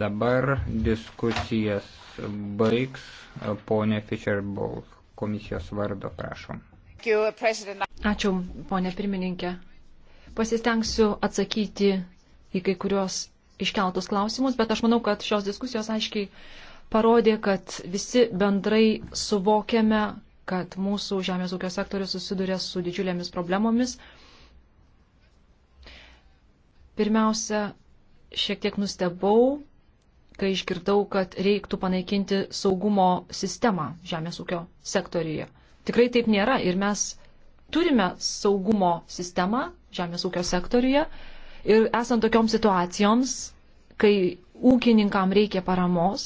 Dabar diskusijas baigs e, ponė Fischer-Bowl komisijos vardo, prašom. Ačiū, ponė pirmininkė. Pasistengsiu atsakyti į kai kurios iškeltus klausimus, bet aš manau, kad šios diskusijos aiškiai parodė, kad visi bendrai suvokiame, kad mūsų žemės ūkio sektorius susiduria su didžiulėmis problemomis. Pirmiausia, šiek tiek nustebau, kai išgirdau, kad reiktų panaikinti saugumo sistemą žemės ūkio sektoriuje. Tikrai taip nėra ir mes turime saugumo sistemą žemės ūkio sektoriuje ir esant tokioms situacijoms kai ūkininkam reikia paramos,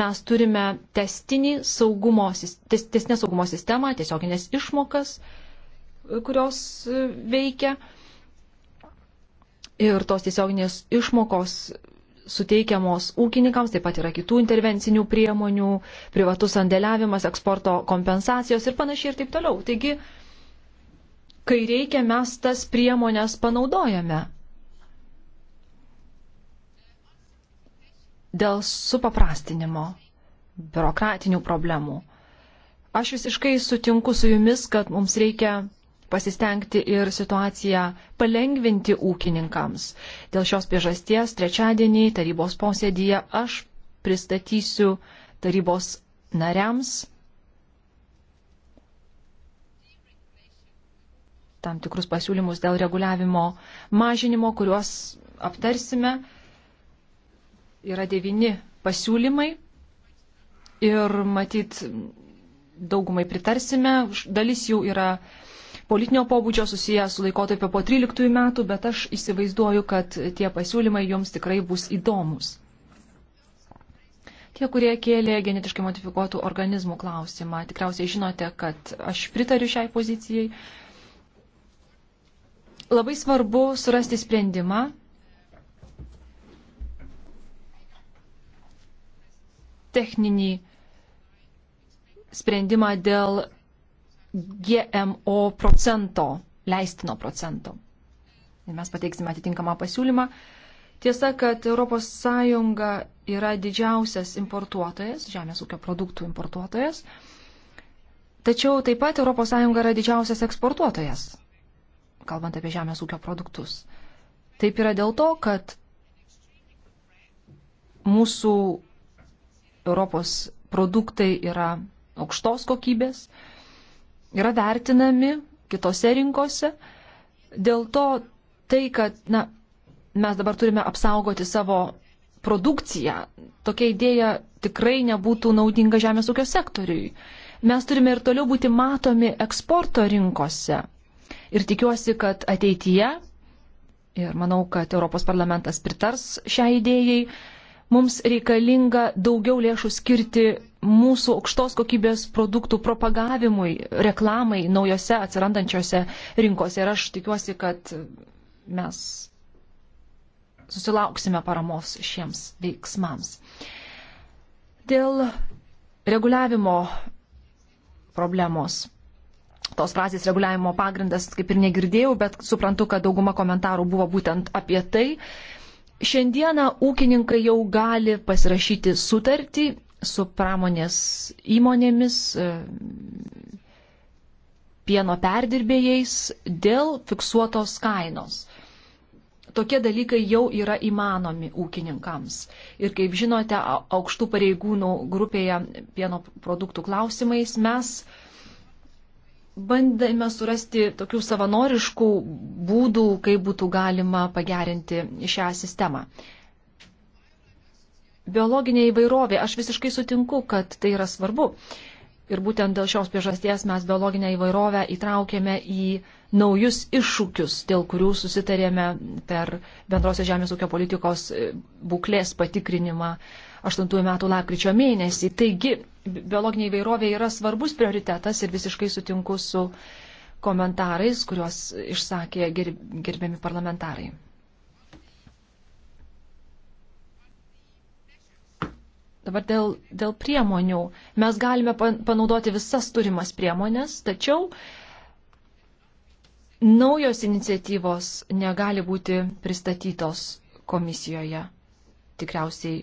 mes turime testinį saugumo, tes, testinę saugumo sistemą, tiesioginės išmokas, kurios e, veikia. Ir tos tiesioginės išmokos suteikiamos ūkininkams, taip pat yra kitų intervencinių priemonių, privatus sandėliavimas, eksporto kompensacijos ir panašiai ir taip toliau. Taigi, kai reikia, mes tas priemonės panaudojame. dėl supaprastinimo, biurokratinių problemų. Aš visiškai sutinku su jumis, kad mums reikia pasistengti ir situaciją palengvinti ūkininkams. Dėl šios priežasties trečiadienį tarybos posėdyje aš pristatysiu tarybos nariams tam tikrus pasiūlymus dėl reguliavimo mažinimo, kuriuos aptarsime yra devini pasiūlymai ir matyt daugumai pritarsime. Dalis jų yra politinio pobūdžio susiję su laikotarpio po 13 metų, bet aš įsivaizduoju, kad tie pasiūlymai jums tikrai bus įdomus. Tie, kurie kėlė genetiškai modifikuotų organizmų klausimą, tikriausiai žinote, kad aš pritariu šiai pozicijai. Labai svarbu surasti sprendimą, techninį sprendimą dėl GMO procento, leistino procento. Ir mes pateiksime atitinkamą pasiūlymą. Tiesa, kad ES yra didžiausias importuotojas, žemės ūkio produktų importuotojas, tačiau taip pat ES yra didžiausias eksportuotojas, kalbant apie žemės ūkio produktus. Taip yra dėl to, kad mūsų Europos produktai yra aukštos kokybės, yra vertinami kitose rinkose. Dėl to tai, kad na, mes dabar turime apsaugoti savo produkciją, tokia idėja tikrai nebūtų naudinga žemės ūkio sektoriui. Mes turime ir toliau būti matomi eksporto rinkose. Ir tikiuosi, kad ateityje, ir manau, kad Europos parlamentas pritars šią idėjai, mums reikalinga daugiau lėšų skirti mūsų aukštos kokybės produktų propagavimui, reklamai naujose atsirandančiose rinkose. Ir aš tikiuosi, kad mes susilauksime paramos šiems veiksmams. Dėl reguliavimo problemos tos frazės reguliavimo pagrindas kaip ir negirdėjau, bet suprantu, kad dauguma komentarų buvo būtent apie tai. Šiandieną ūkininkai jau gali pasirašyti sutartį su pramonės įmonėmis, e, pieno perdirbėjais dėl fiksuotos kainos. Tokie dalykai jau yra įmanomi ūkininkams. Ir kaip žinote, aukštų pareigūnų grupėje pieno produktų klausimais mes uh, bandėme surasti tokių savanoriškų būdų, kaip būtų galima pagerinti šią sistemą. Biologinė įvairovė, aš visiškai sutinku, kad tai yra svarbu. Ir būtent dėl šios priežasties mes biologinę įvairovę įtraukėme į naujus iššūkius, dėl kurių susitarėme per bendrosios žemės ūkio politikos būklės patikrinimą 2008 metų lapkričio mėnesį. Taigi, biologinė įvairovė yra svarbus prioritetas ir visiškai sutinku su komentarais, kuriuos išsakė gerbiami parlamentarai. Dabar dėl, dėl priemonių. Mes galime panaudoti visas turimas priemonės, tačiau naujos iniciatyvos negali būti pristatytos komisijoje. Tikriausiai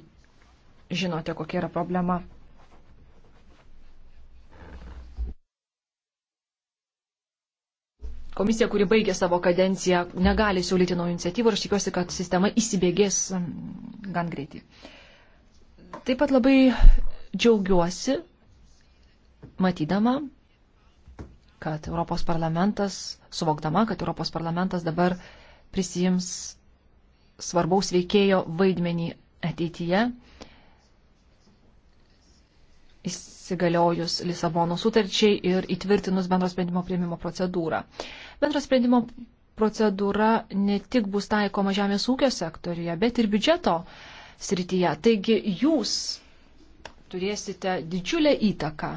žinote, kokia yra problema. Komisija, kuri baigė savo kadenciją, negali siūlyti naujų iniciatyvų ir aš tikiuosi, kad sistema įsibėgės mm, gan greitai. Taip pat labai džiaugiuosi, matydama, kad Europos parlamentas, suvokdama, kad Europos parlamentas dabar prisijims svarbaus veikėjo vaidmenį ateityje įsigaliojus Lisabono sutarčiai ir įtvirtinus bendro sprendimo prieimimo procedūrą. Bendro sprendimo procedūra ne tik bus taikoma žemės ūkio sektoriuje, bet ir biudžeto srityje. Taigi jūs turėsite didžiulę įtaką.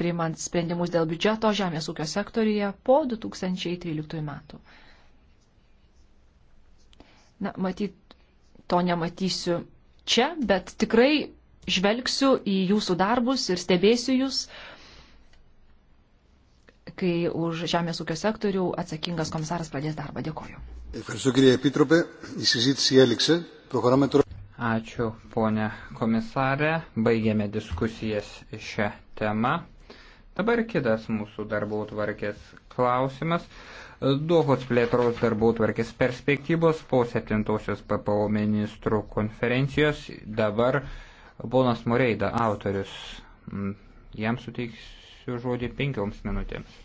priimant sprendimus dėl biudžeto žemės ūkio sektoriuje po 2013 metų. Na, matyt, to nematysiu čia, bet tikrai žvelgsiu į jūsų darbus ir stebėsiu jūs, kai už žemės ūkio sektorių atsakingas komisaras pradės darbą. Dėkoju. Ačiū, ponė komisarė. Baigėme diskusijas šią temą. Dabar kitas mūsų darbų tvarkės klausimas. Dohos plėtros darbų tvarkės perspektyvos po 7-osios PPO ministrų konferencijos. Dabar ponas Moreida, autorius, mm, jam suteiksiu žodį penkioms minutėms.